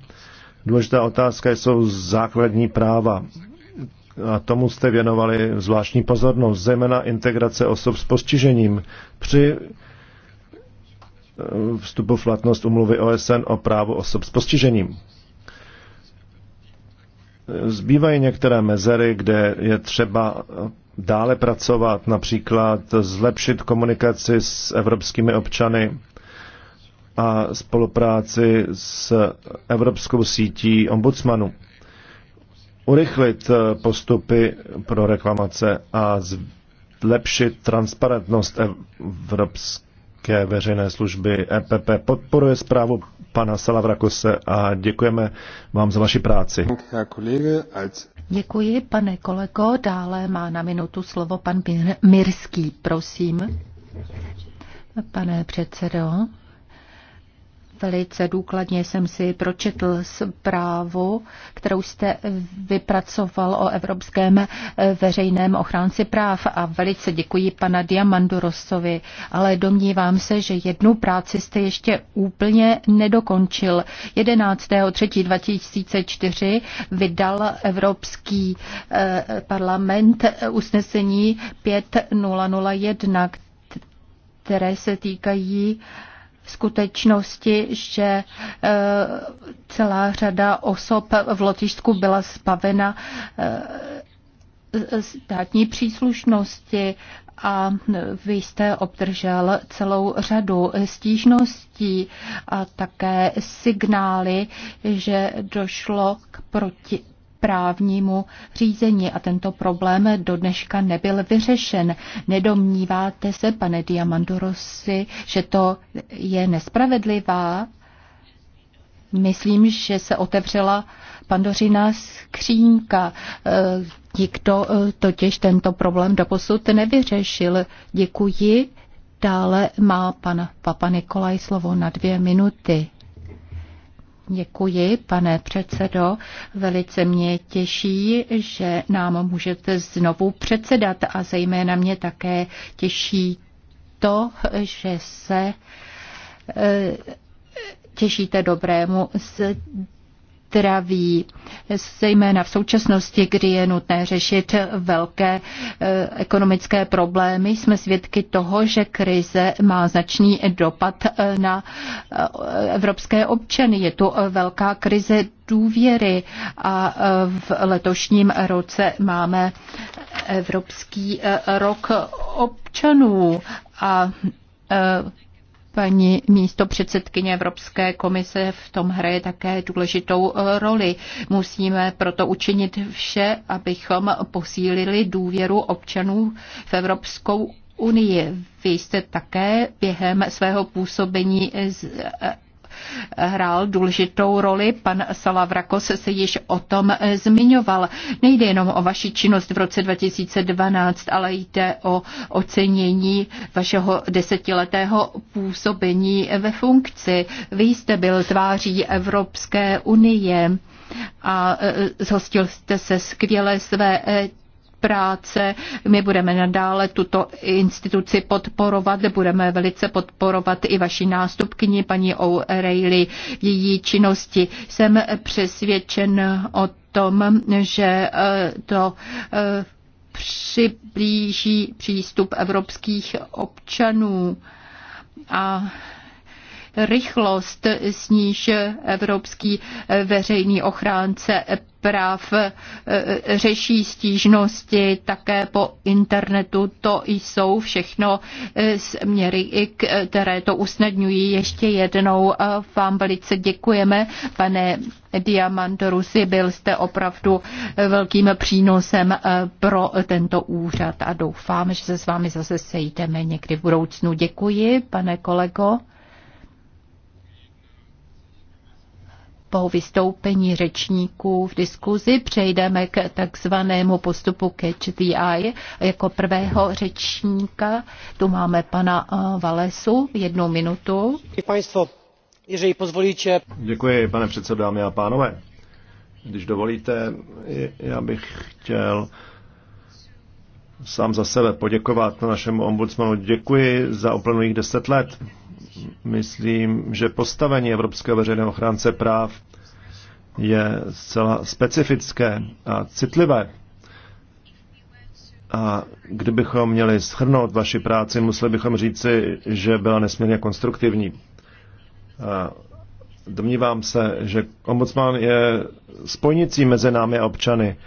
důležitá otázka jsou základní práva. A tomu jste věnovali zvláštní pozornost, zejména integrace osob s postižením při eh, vstupu v platnost umluvy OSN o právu osob s postižením. Zbývají některé mezery, kde je třeba dále pracovat, například zlepšit komunikaci s evropskými občany a spolupráci s evropskou sítí ombudsmanů. Urychlit postupy pro reklamace a zlepšit transparentnost evropské veřejné služby. EPP podporuje zprávu pana Salavrakose a děkujeme vám za vaši práci. Děkuji, pane kolego. Dále má na minutu slovo pan Mirský, prosím. Pane předsedo, Velice důkladně jsem si pročetl zprávu, kterou jste vypracoval o Evropském veřejném ochránci práv a velice děkuji pana Diamandurosovi, ale domnívám se, že jednu práci jste ještě úplně nedokončil. 11.3.2004 vydal Evropský eh, parlament usnesení 5001, které se týkají skutečnosti, že eh, celá řada osob v Lotyšsku byla zbavena eh, státní příslušnosti a vy jste obdržel celou řadu stížností a také signály, že došlo k proti, právnímu řízení a tento problém do dneška nebyl vyřešen. Nedomníváte se, pane Diamandorosi, že to je nespravedlivá? Myslím, že se otevřela pandořina skřínka. Eh, nikdo eh, totiž tento problém doposud nevyřešil. Děkuji. Dále má pan Papa Nikolaj slovo na dvě minuty. Děkuji, pane předsedo. Velice mě těší, že nám můžete znovu předsedat a zejména mě také těší to, že se eh, těšíte dobrému zdraví, zejména v současnosti, kdy je nutné řešit velké eh, ekonomické problémy. Jsme svědky toho, že krize má značný dopad eh, na eh, evropské občany. Je tu velká krize důvěry a v letošním roce máme Evropský rok občanů a Paní místo předsedkyně Evropské komise v tom hraje také důležitou eh, roli. Musíme proto učinit vše, abychom posílili důvěru občanů v Evropskou unii. Vy jste také během svého působení hrál důležitou roli. Pan Salavrakos se již o tom eh, zmiňoval. Nejde jenom o vaši činnost v roce 2012, ale jde o ocenění vašeho desetiletého působení ve funkci. Vy jste byl tváří Evropské unie a eh, zhostil jste se skvěle své eh, práce. My budeme nadále tuto instituci podporovat, budeme velice podporovat i vaši nástupkyni, paní O'Reilly, její činnosti. Jsem přesvědčen o tom, že eh, to eh, přiblíží přístup evropských občanů a rychlost, s níž Evropský eh, veřejný ochránce práv eh, řeší stížnosti také po internetu. To jsou všechno eh, směry, které to usnadňují. Ještě jednou vám velice děkujeme, pane Diamandorusi. Byl jste opravdu velkým přínosem pro tento úřad a doufám, že se s vámi zase sejdeme někdy v budoucnu. Děkuji, pane kolego. po vystoupení řečníků v diskuzi přejdeme k takzvanému postupu Catch the Eye. Jako prvého řečníka tu máme pana eh, Valesu, jednu minutu. Děkuji, pane předsedo, dámy a pánové. Když dovolíte, já bych chtěl sám za sebe poděkovat našemu ombudsmanu. Děkuji za uplynulých deset let. Myslím, že postavení Evropského veřejného ochránce práv je zcela specifické a citlivé. A kdybychom měli shrnout vaši práci, museli bychom říci, že byla nesmírně konstruktivní. A domnívám se, že ombudsman je spojnicí mezi námi a občany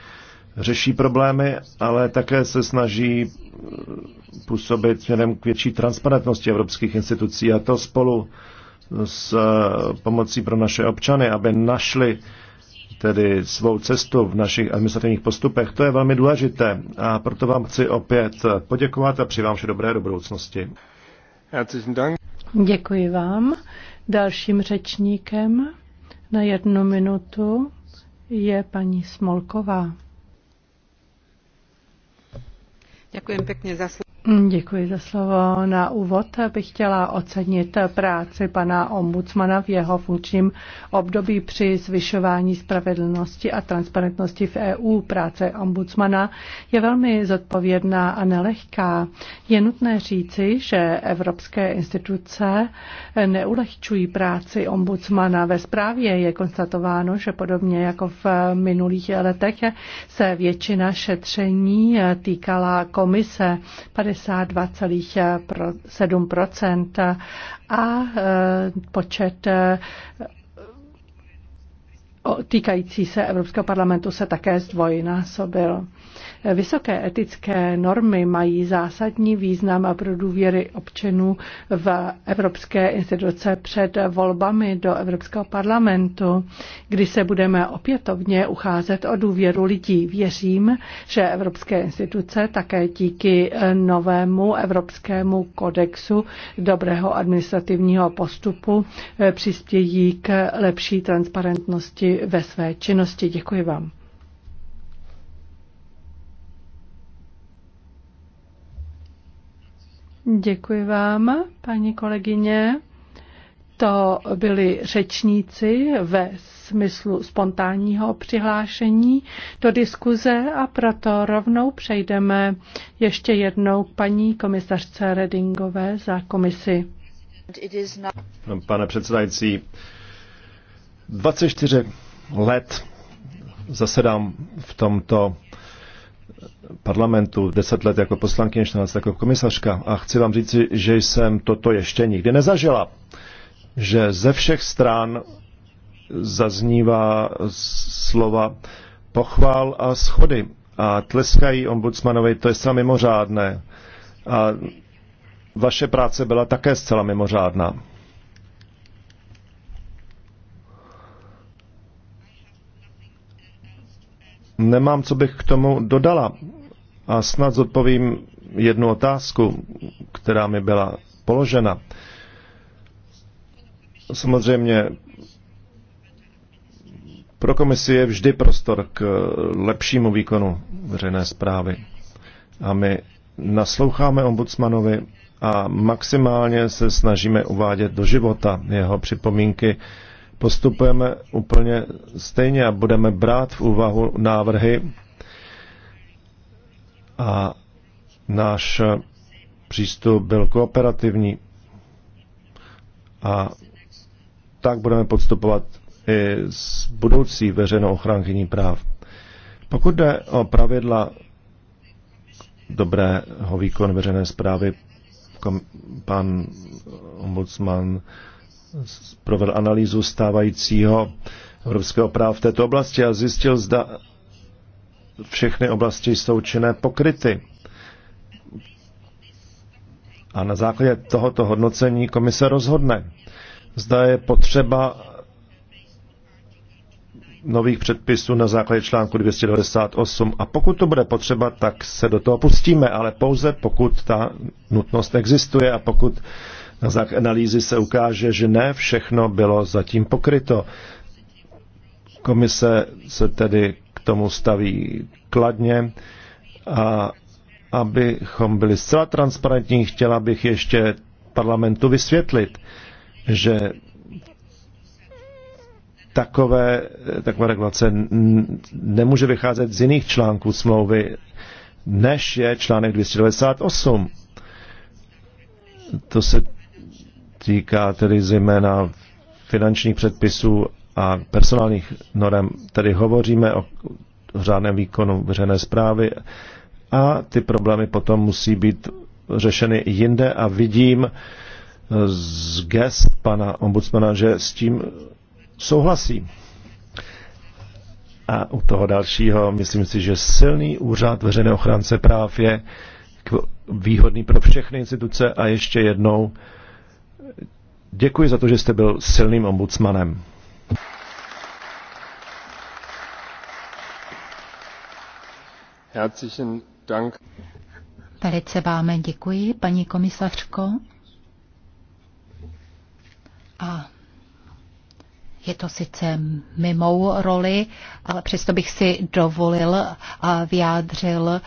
řeší problémy, ale také se snaží eh, působit směrem k větší transparentnosti evropských institucí a to spolu s eh, pomocí pro naše občany, aby našli tedy svou cestu v našich administrativních postupech. To je velmi důležité a proto vám chci opět poděkovat a přeji vám vše dobré do budoucnosti. Děkuji vám. Dalším řečníkem na jednu minutu je paní Smolková. Děkuji pěkně za slovo. Mm, děkuji za slovo. Na úvod bych chtěla ocenit práci pana ombudsmana v jeho funkčním období při zvyšování spravedlnosti a transparentnosti v EU. Práce ombudsmana je velmi zodpovědná a nelehká. Je nutné říci, že evropské instituce neulehčují práci ombudsmana. Ve zprávě je konstatováno, že podobně jako v minulých letech se většina šetření týkala komise. 50 92,7 a eh, počet eh, týkající se Evropského parlamentu se také zdvojnásobil. Vysoké etické normy mají zásadní význam pro důvěry občanů v evropské instituce před volbami do Evropského parlamentu, kdy se budeme opětovně ucházet o důvěru lidí. Věřím, že evropské instituce také díky eh, novému evropskému kodexu dobrého administrativního postupu eh, přispějí k lepší transparentnosti ve své činnosti. Děkuji vám. Děkuji vám, paní kolegyně. To byli řečníci ve smyslu spontánního přihlášení do diskuze a proto rovnou přejdeme ještě jednou k paní komisařce Redingové za komisi. Pane předsedající, 24 let zasedám v tomto parlamentu, deset let jako poslankyně, 14 jako komisařka a chci vám říci, že jsem toto ještě nikdy nezažila. Že ze všech stran zaznívá slova pochvál a schody a tleskají ombudsmanovi, to je zcela mimořádné. A vaše práce byla také zcela mimořádná. Nemám, co bych k tomu dodala. A snad zodpovím jednu otázku, která mi byla položena. Samozřejmě pro komisi je vždy prostor k lepšímu výkonu veřejné zprávy. A my nasloucháme ombudsmanovi a maximálně se snažíme uvádět do života jeho připomínky postupujeme úplně stejně a budeme brát v úvahu návrhy a náš přístup byl kooperativní a tak budeme podstupovat i s budoucí veřejnou ochránkyní práv. Pokud jde o pravidla dobrého výkonu veřejné zprávy, pan ombudsman provedl analýzu stávajícího evropského práva v této oblasti a zjistil, zda všechny oblasti jsou činné pokryty. A na základě tohoto hodnocení komise rozhodne, zda je potřeba nových předpisů na základě článku 298 a pokud to bude potřeba, tak se do toho pustíme, ale pouze pokud ta nutnost existuje a pokud na základě analýzy se ukáže, že ne všechno bylo zatím pokryto. Komise se tedy k tomu staví kladně a abychom byli zcela transparentní, chtěla bych ještě parlamentu vysvětlit, že takové, taková regulace nemůže vycházet z jiných článků smlouvy, než je článek 298. To se týká tedy zejména finančních předpisů a personálních norem. Tedy hovoříme o řádném výkonu veřejné zprávy a ty problémy potom musí být řešeny jinde a vidím z gest pana ombudsmana, že s tím souhlasí. A u toho dalšího myslím si, že silný úřad veřejné ochránce práv je výhodný pro všechny instituce a ještě jednou Děkuji za to, že jste byl silným ombudsmanem. Herzlichen Dank. Velice vám děkuji, paní komisařko. A je to sice mimo roli, ale přesto bych si dovolil a vyjádřil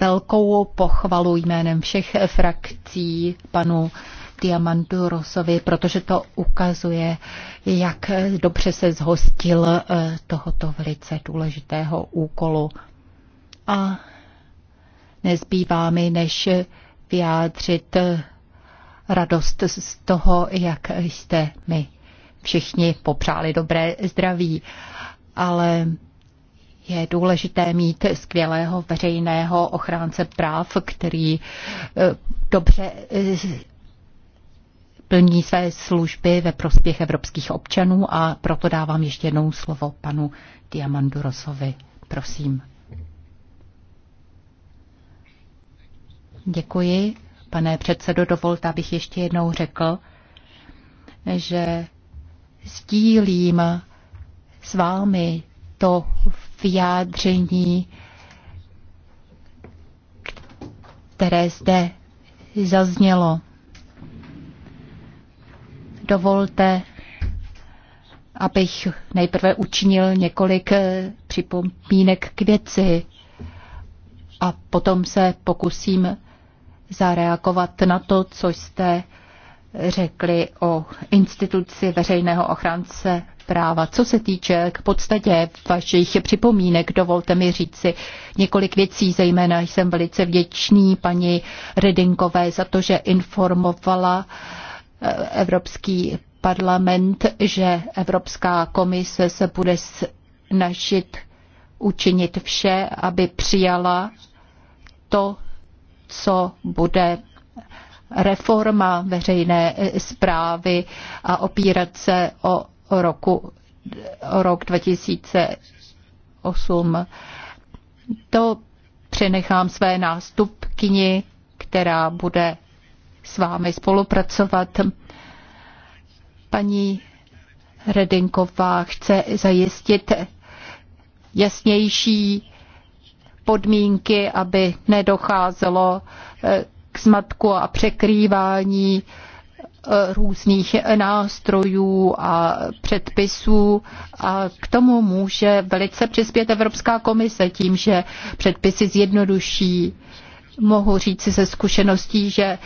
velkou pochvalu jménem všech frakcí panu Rosovi, protože to ukazuje, jak dobře se zhostil eh, tohoto velice důležitého úkolu. A nezbývá mi, než vyjádřit eh, radost z toho, jak jste mi všichni popřáli dobré zdraví. Ale je důležité mít skvělého veřejného ochránce práv, který eh, dobře plní své služby ve prospěch evropských občanů a proto dávám ještě jednou slovo panu Diamandu Rosovi, Prosím. Děkuji. Pane předsedo, dovolte, abych ještě jednou řekl, že sdílím s vámi to vyjádření, které zde zaznělo. Dovolte, abych nejprve učinil několik eh, připomínek k věci a potom se pokusím zareagovat na to, co jste řekli o instituci veřejného ochránce práva. Co se týče k podstatě vašich připomínek, dovolte mi říci několik věcí, zejména jsem velice vděčný paní Redinkové za to, že informovala uh, Evropský parlament, že Evropská komise se bude snažit učinit vše, aby přijala to, co bude reforma veřejné zprávy a opírat se o roku, o rok 2008. To přenechám své nástupkyni, která bude s vámi spolupracovat. Paní Redinková chce zajistit jasnější podmínky, aby nedocházelo eh, k zmatku a překrývání eh, různých nástrojů a předpisů a k tomu může velice přispět Evropská komise tím, že předpisy zjednoduší mohu říci ze zkušeností, že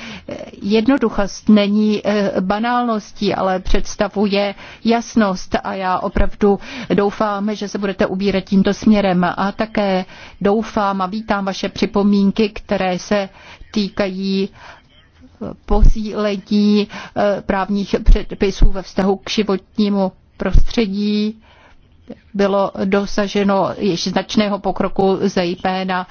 jednoduchost není eh, banálností, ale představuje jasnost a já opravdu doufám, že se budete ubírat tímto směrem a také doufám a vítám vaše připomínky, které se týkají eh, posílení eh, právních předpisů ve vztahu k životnímu prostředí bylo dosaženo již značného pokroku zejména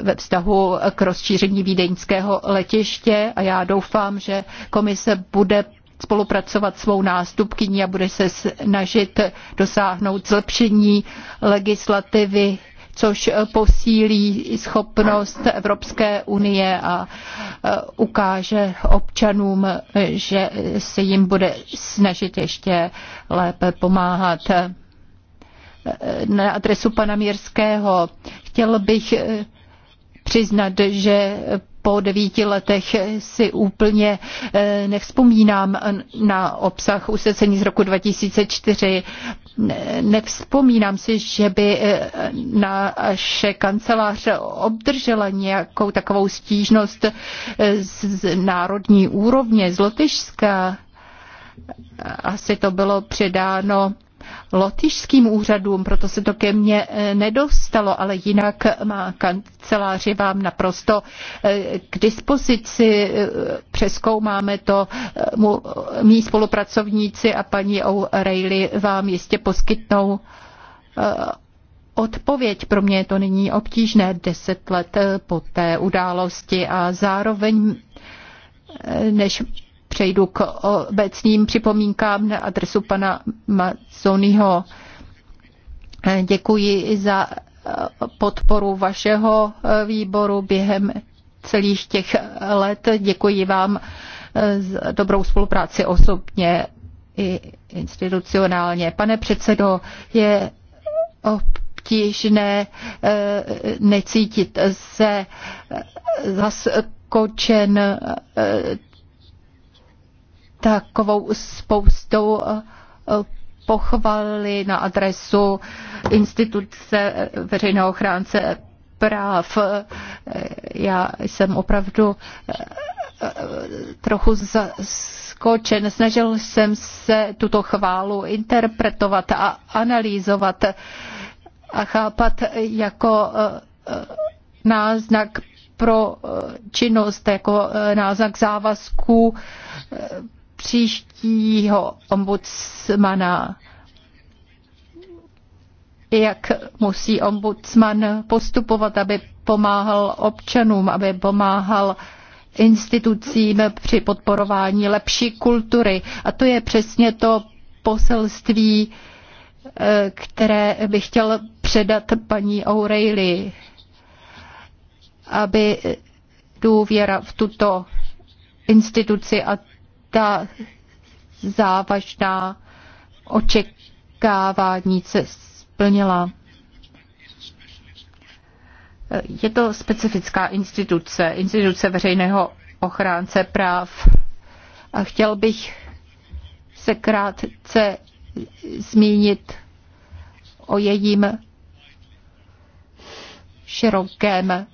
ve vztahu k rozšíření vídeňského letiště a já doufám, že komise bude spolupracovat svou nástupkyní a bude se snažit dosáhnout zlepšení legislativy což posílí schopnost Evropské unie a e, ukáže občanům, že se jim bude snažit ještě lépe pomáhat na adresu pana Měrského. Chtěl bych eh, přiznat, že po devíti letech si úplně eh, nevzpomínám na obsah usnesení z roku 2004. Nevzpomínám si, že by eh, naše kancelář obdržela nějakou takovou stížnost z národní úrovně, z Lotyšska. Asi to bylo předáno lotyšským úřadům, proto se to ke mně eh, nedostalo, ale jinak má kanceláři vám naprosto eh, k dispozici. Eh, přeskoumáme to, mý spolupracovníci a paní O'Reilly vám jistě poskytnou odpověď. Pro mě je to nyní obtížné deset let po té události a zároveň než přejdu k obecním připomínkám na adresu pana Mazzoniho. Děkuji za podporu vašeho výboru během celých těch let. Děkuji vám za dobrou spolupráci osobně i institucionálně. Pane předsedo, je obtížné eh, necítit se zaskočen eh, takovou spoustou eh, eh, pochvaly na adresu instituce eh, veřejného ochránce práv. Já jsem opravdu trochu zaskočen. Snažil jsem se tuto chválu interpretovat a analyzovat a chápat jako náznak pro činnost, jako náznak závazků příštího ombudsmana. Jak musí ombudsman postupovat, aby pomáhal občanům, aby pomáhal institucím při podporování lepší kultury. A to je přesně to poselství, eh, které bych chtěl předat paní O'Reilly, aby důvěra v tuto instituci a ta závažná očekávání se splnila. Je to specifická instituce, instituce veřejného ochránce práv. A chtěl bych se krátce zmínit o jejím širokém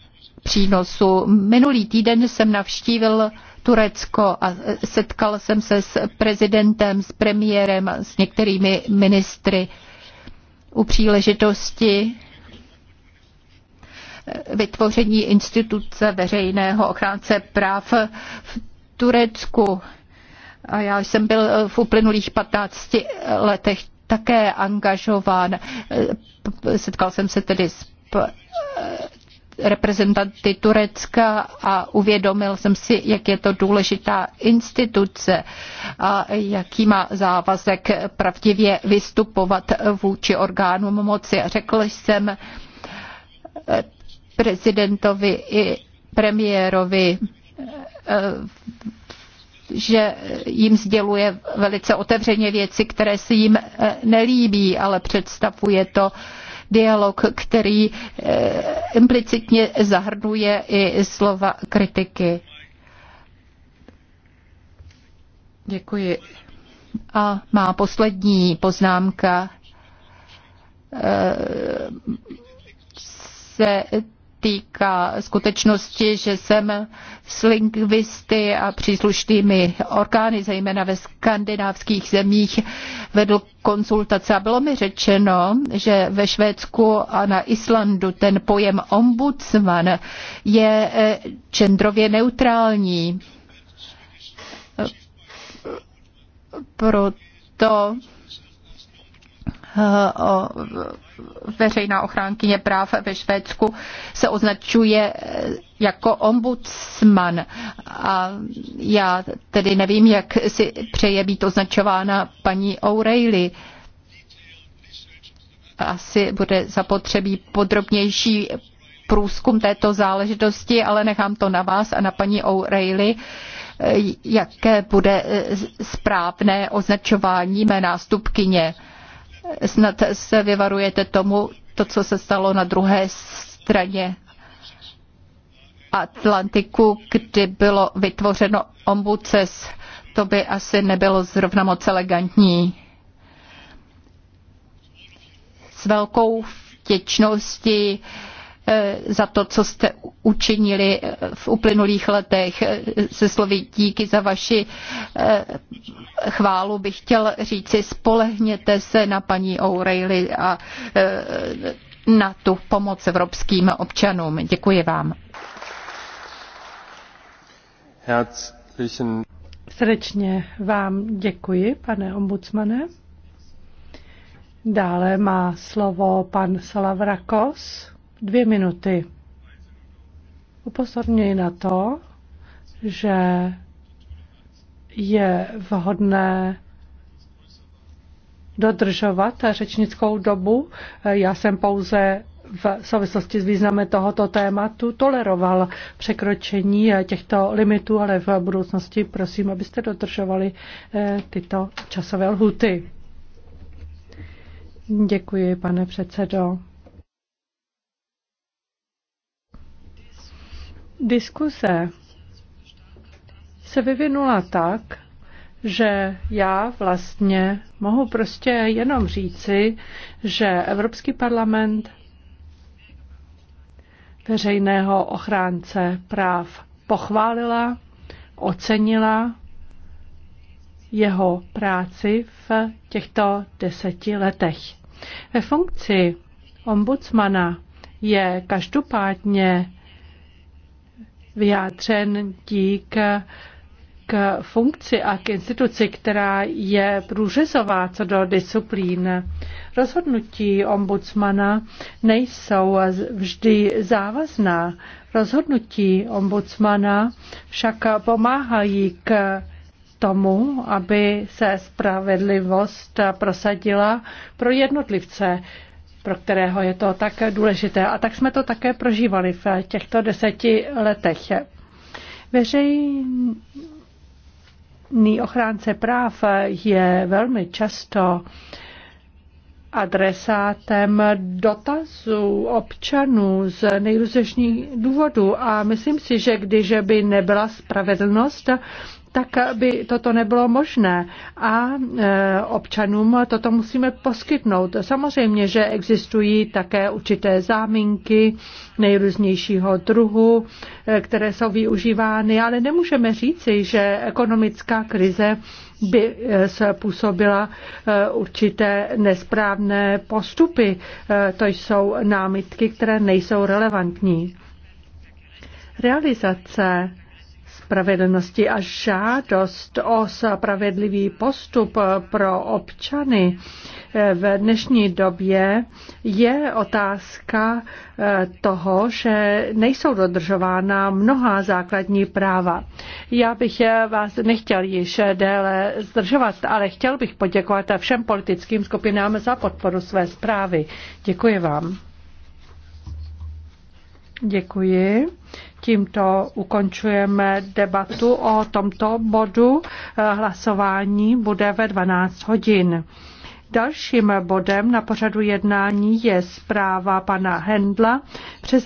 přínosu. Minulý týden jsem navštívil Turecko a setkal jsem se s prezidentem, s premiérem a s některými ministry u příležitosti vytvoření instituce veřejného ochránce práv v Turecku. A já jsem byl v uplynulých 15 letech také angažován. Setkal jsem se tedy s reprezentanty Turecka a uvědomil jsem si, jak je to důležitá instituce a jaký má závazek pravdivě vystupovat vůči orgánům moci. A řekl jsem eh, prezidentovi i premiérovi eh, že jim sděluje velice otevřeně věci, které se jim eh, nelíbí, ale představuje to dialog, který eh, implicitně zahrnuje i slova kritiky. Děkuji. A má poslední poznámka eh, se týká skutečnosti, že jsem s lingvisty a příslušnými orgány, zejména ve skandinávských zemích, vedl konsultace a bylo mi řečeno, že ve Švédsku a na Islandu ten pojem ombudsman je čendrově eh, neutrální. Proto eh, veřejná ochránkyně práv ve Švédsku se označuje jako ombudsman. A já tedy nevím, jak si přeje být označována paní O'Reilly asi bude zapotřebí podrobnější průzkum této záležitosti, ale nechám to na vás a na paní O'Reilly, jaké bude správné označování mé nástupkyně. Snad se vyvarujete tomu, to, co se stalo na druhé straně Atlantiku, kdy bylo vytvořeno ombuces. To by asi nebylo zrovna moc elegantní. S velkou vděčností Eh, za to, co jste učinili eh, v uplynulých letech. Eh, se slovy díky za vaši chválu bych chtěl říci, spolehněte se na paní O'Reilly a na tu pomoc evropským občanům. Děkuji vám. Srdečně vám děkuji, pane ombudsmane. Dále má slovo pan Salavrakos. Dvě minuty. Upozorňuji na to, že je vhodné dodržovat řečnickou dobu. Já jsem pouze v souvislosti s významem tohoto tématu toleroval překročení těchto limitů, ale v budoucnosti prosím, abyste dodržovali eh, tyto časové lhuty. Děkuji, pane předsedo. Diskuse se vyvinula tak, že já vlastně mohu prostě jenom říci, že Evropský parlament veřejného ochránce práv pochválila, ocenila jeho práci v těchto deseti letech. Ve funkci ombudsmana je každopádně vyjádřen dík k funkci a k instituci, která je průřezová co do disciplín. Rozhodnutí ombudsmana nejsou vždy závazná. Rozhodnutí ombudsmana však pomáhají k tomu, aby se spravedlivost prosadila pro jednotlivce pro kterého je to tak důležité. A tak jsme to také prožívali v těchto deseti letech. Veřejný ochránce práv je velmi často adresátem dotazů občanů z nejrůznějších důvodů. A myslím si, že když by nebyla spravedlnost, tak by toto nebylo možné. A e, občanům toto musíme poskytnout. Samozřejmě, že existují také určité záminky nejrůznějšího druhu, e, které jsou využívány, ale nemůžeme říci, že ekonomická krize by se působila e, určité nesprávné postupy. To jsou námitky, které nejsou relevantní. Realizace spravedlnosti a žádost o spravedlivý postup pro občany v dnešní době je otázka eh, toho, že nejsou dodržována mnoha základní práva. Já bych eh, vás nechtěl již déle zdržovat, ale chtěl bych poděkovat všem politickým skupinám za podporu své zprávy. Děkuji vám. Děkuji. Tímto ukončujeme debatu o tomto bodu. Hlasování bude ve 12 hodin. Dalším bodem na pořadu jednání je zpráva pana Hendla přes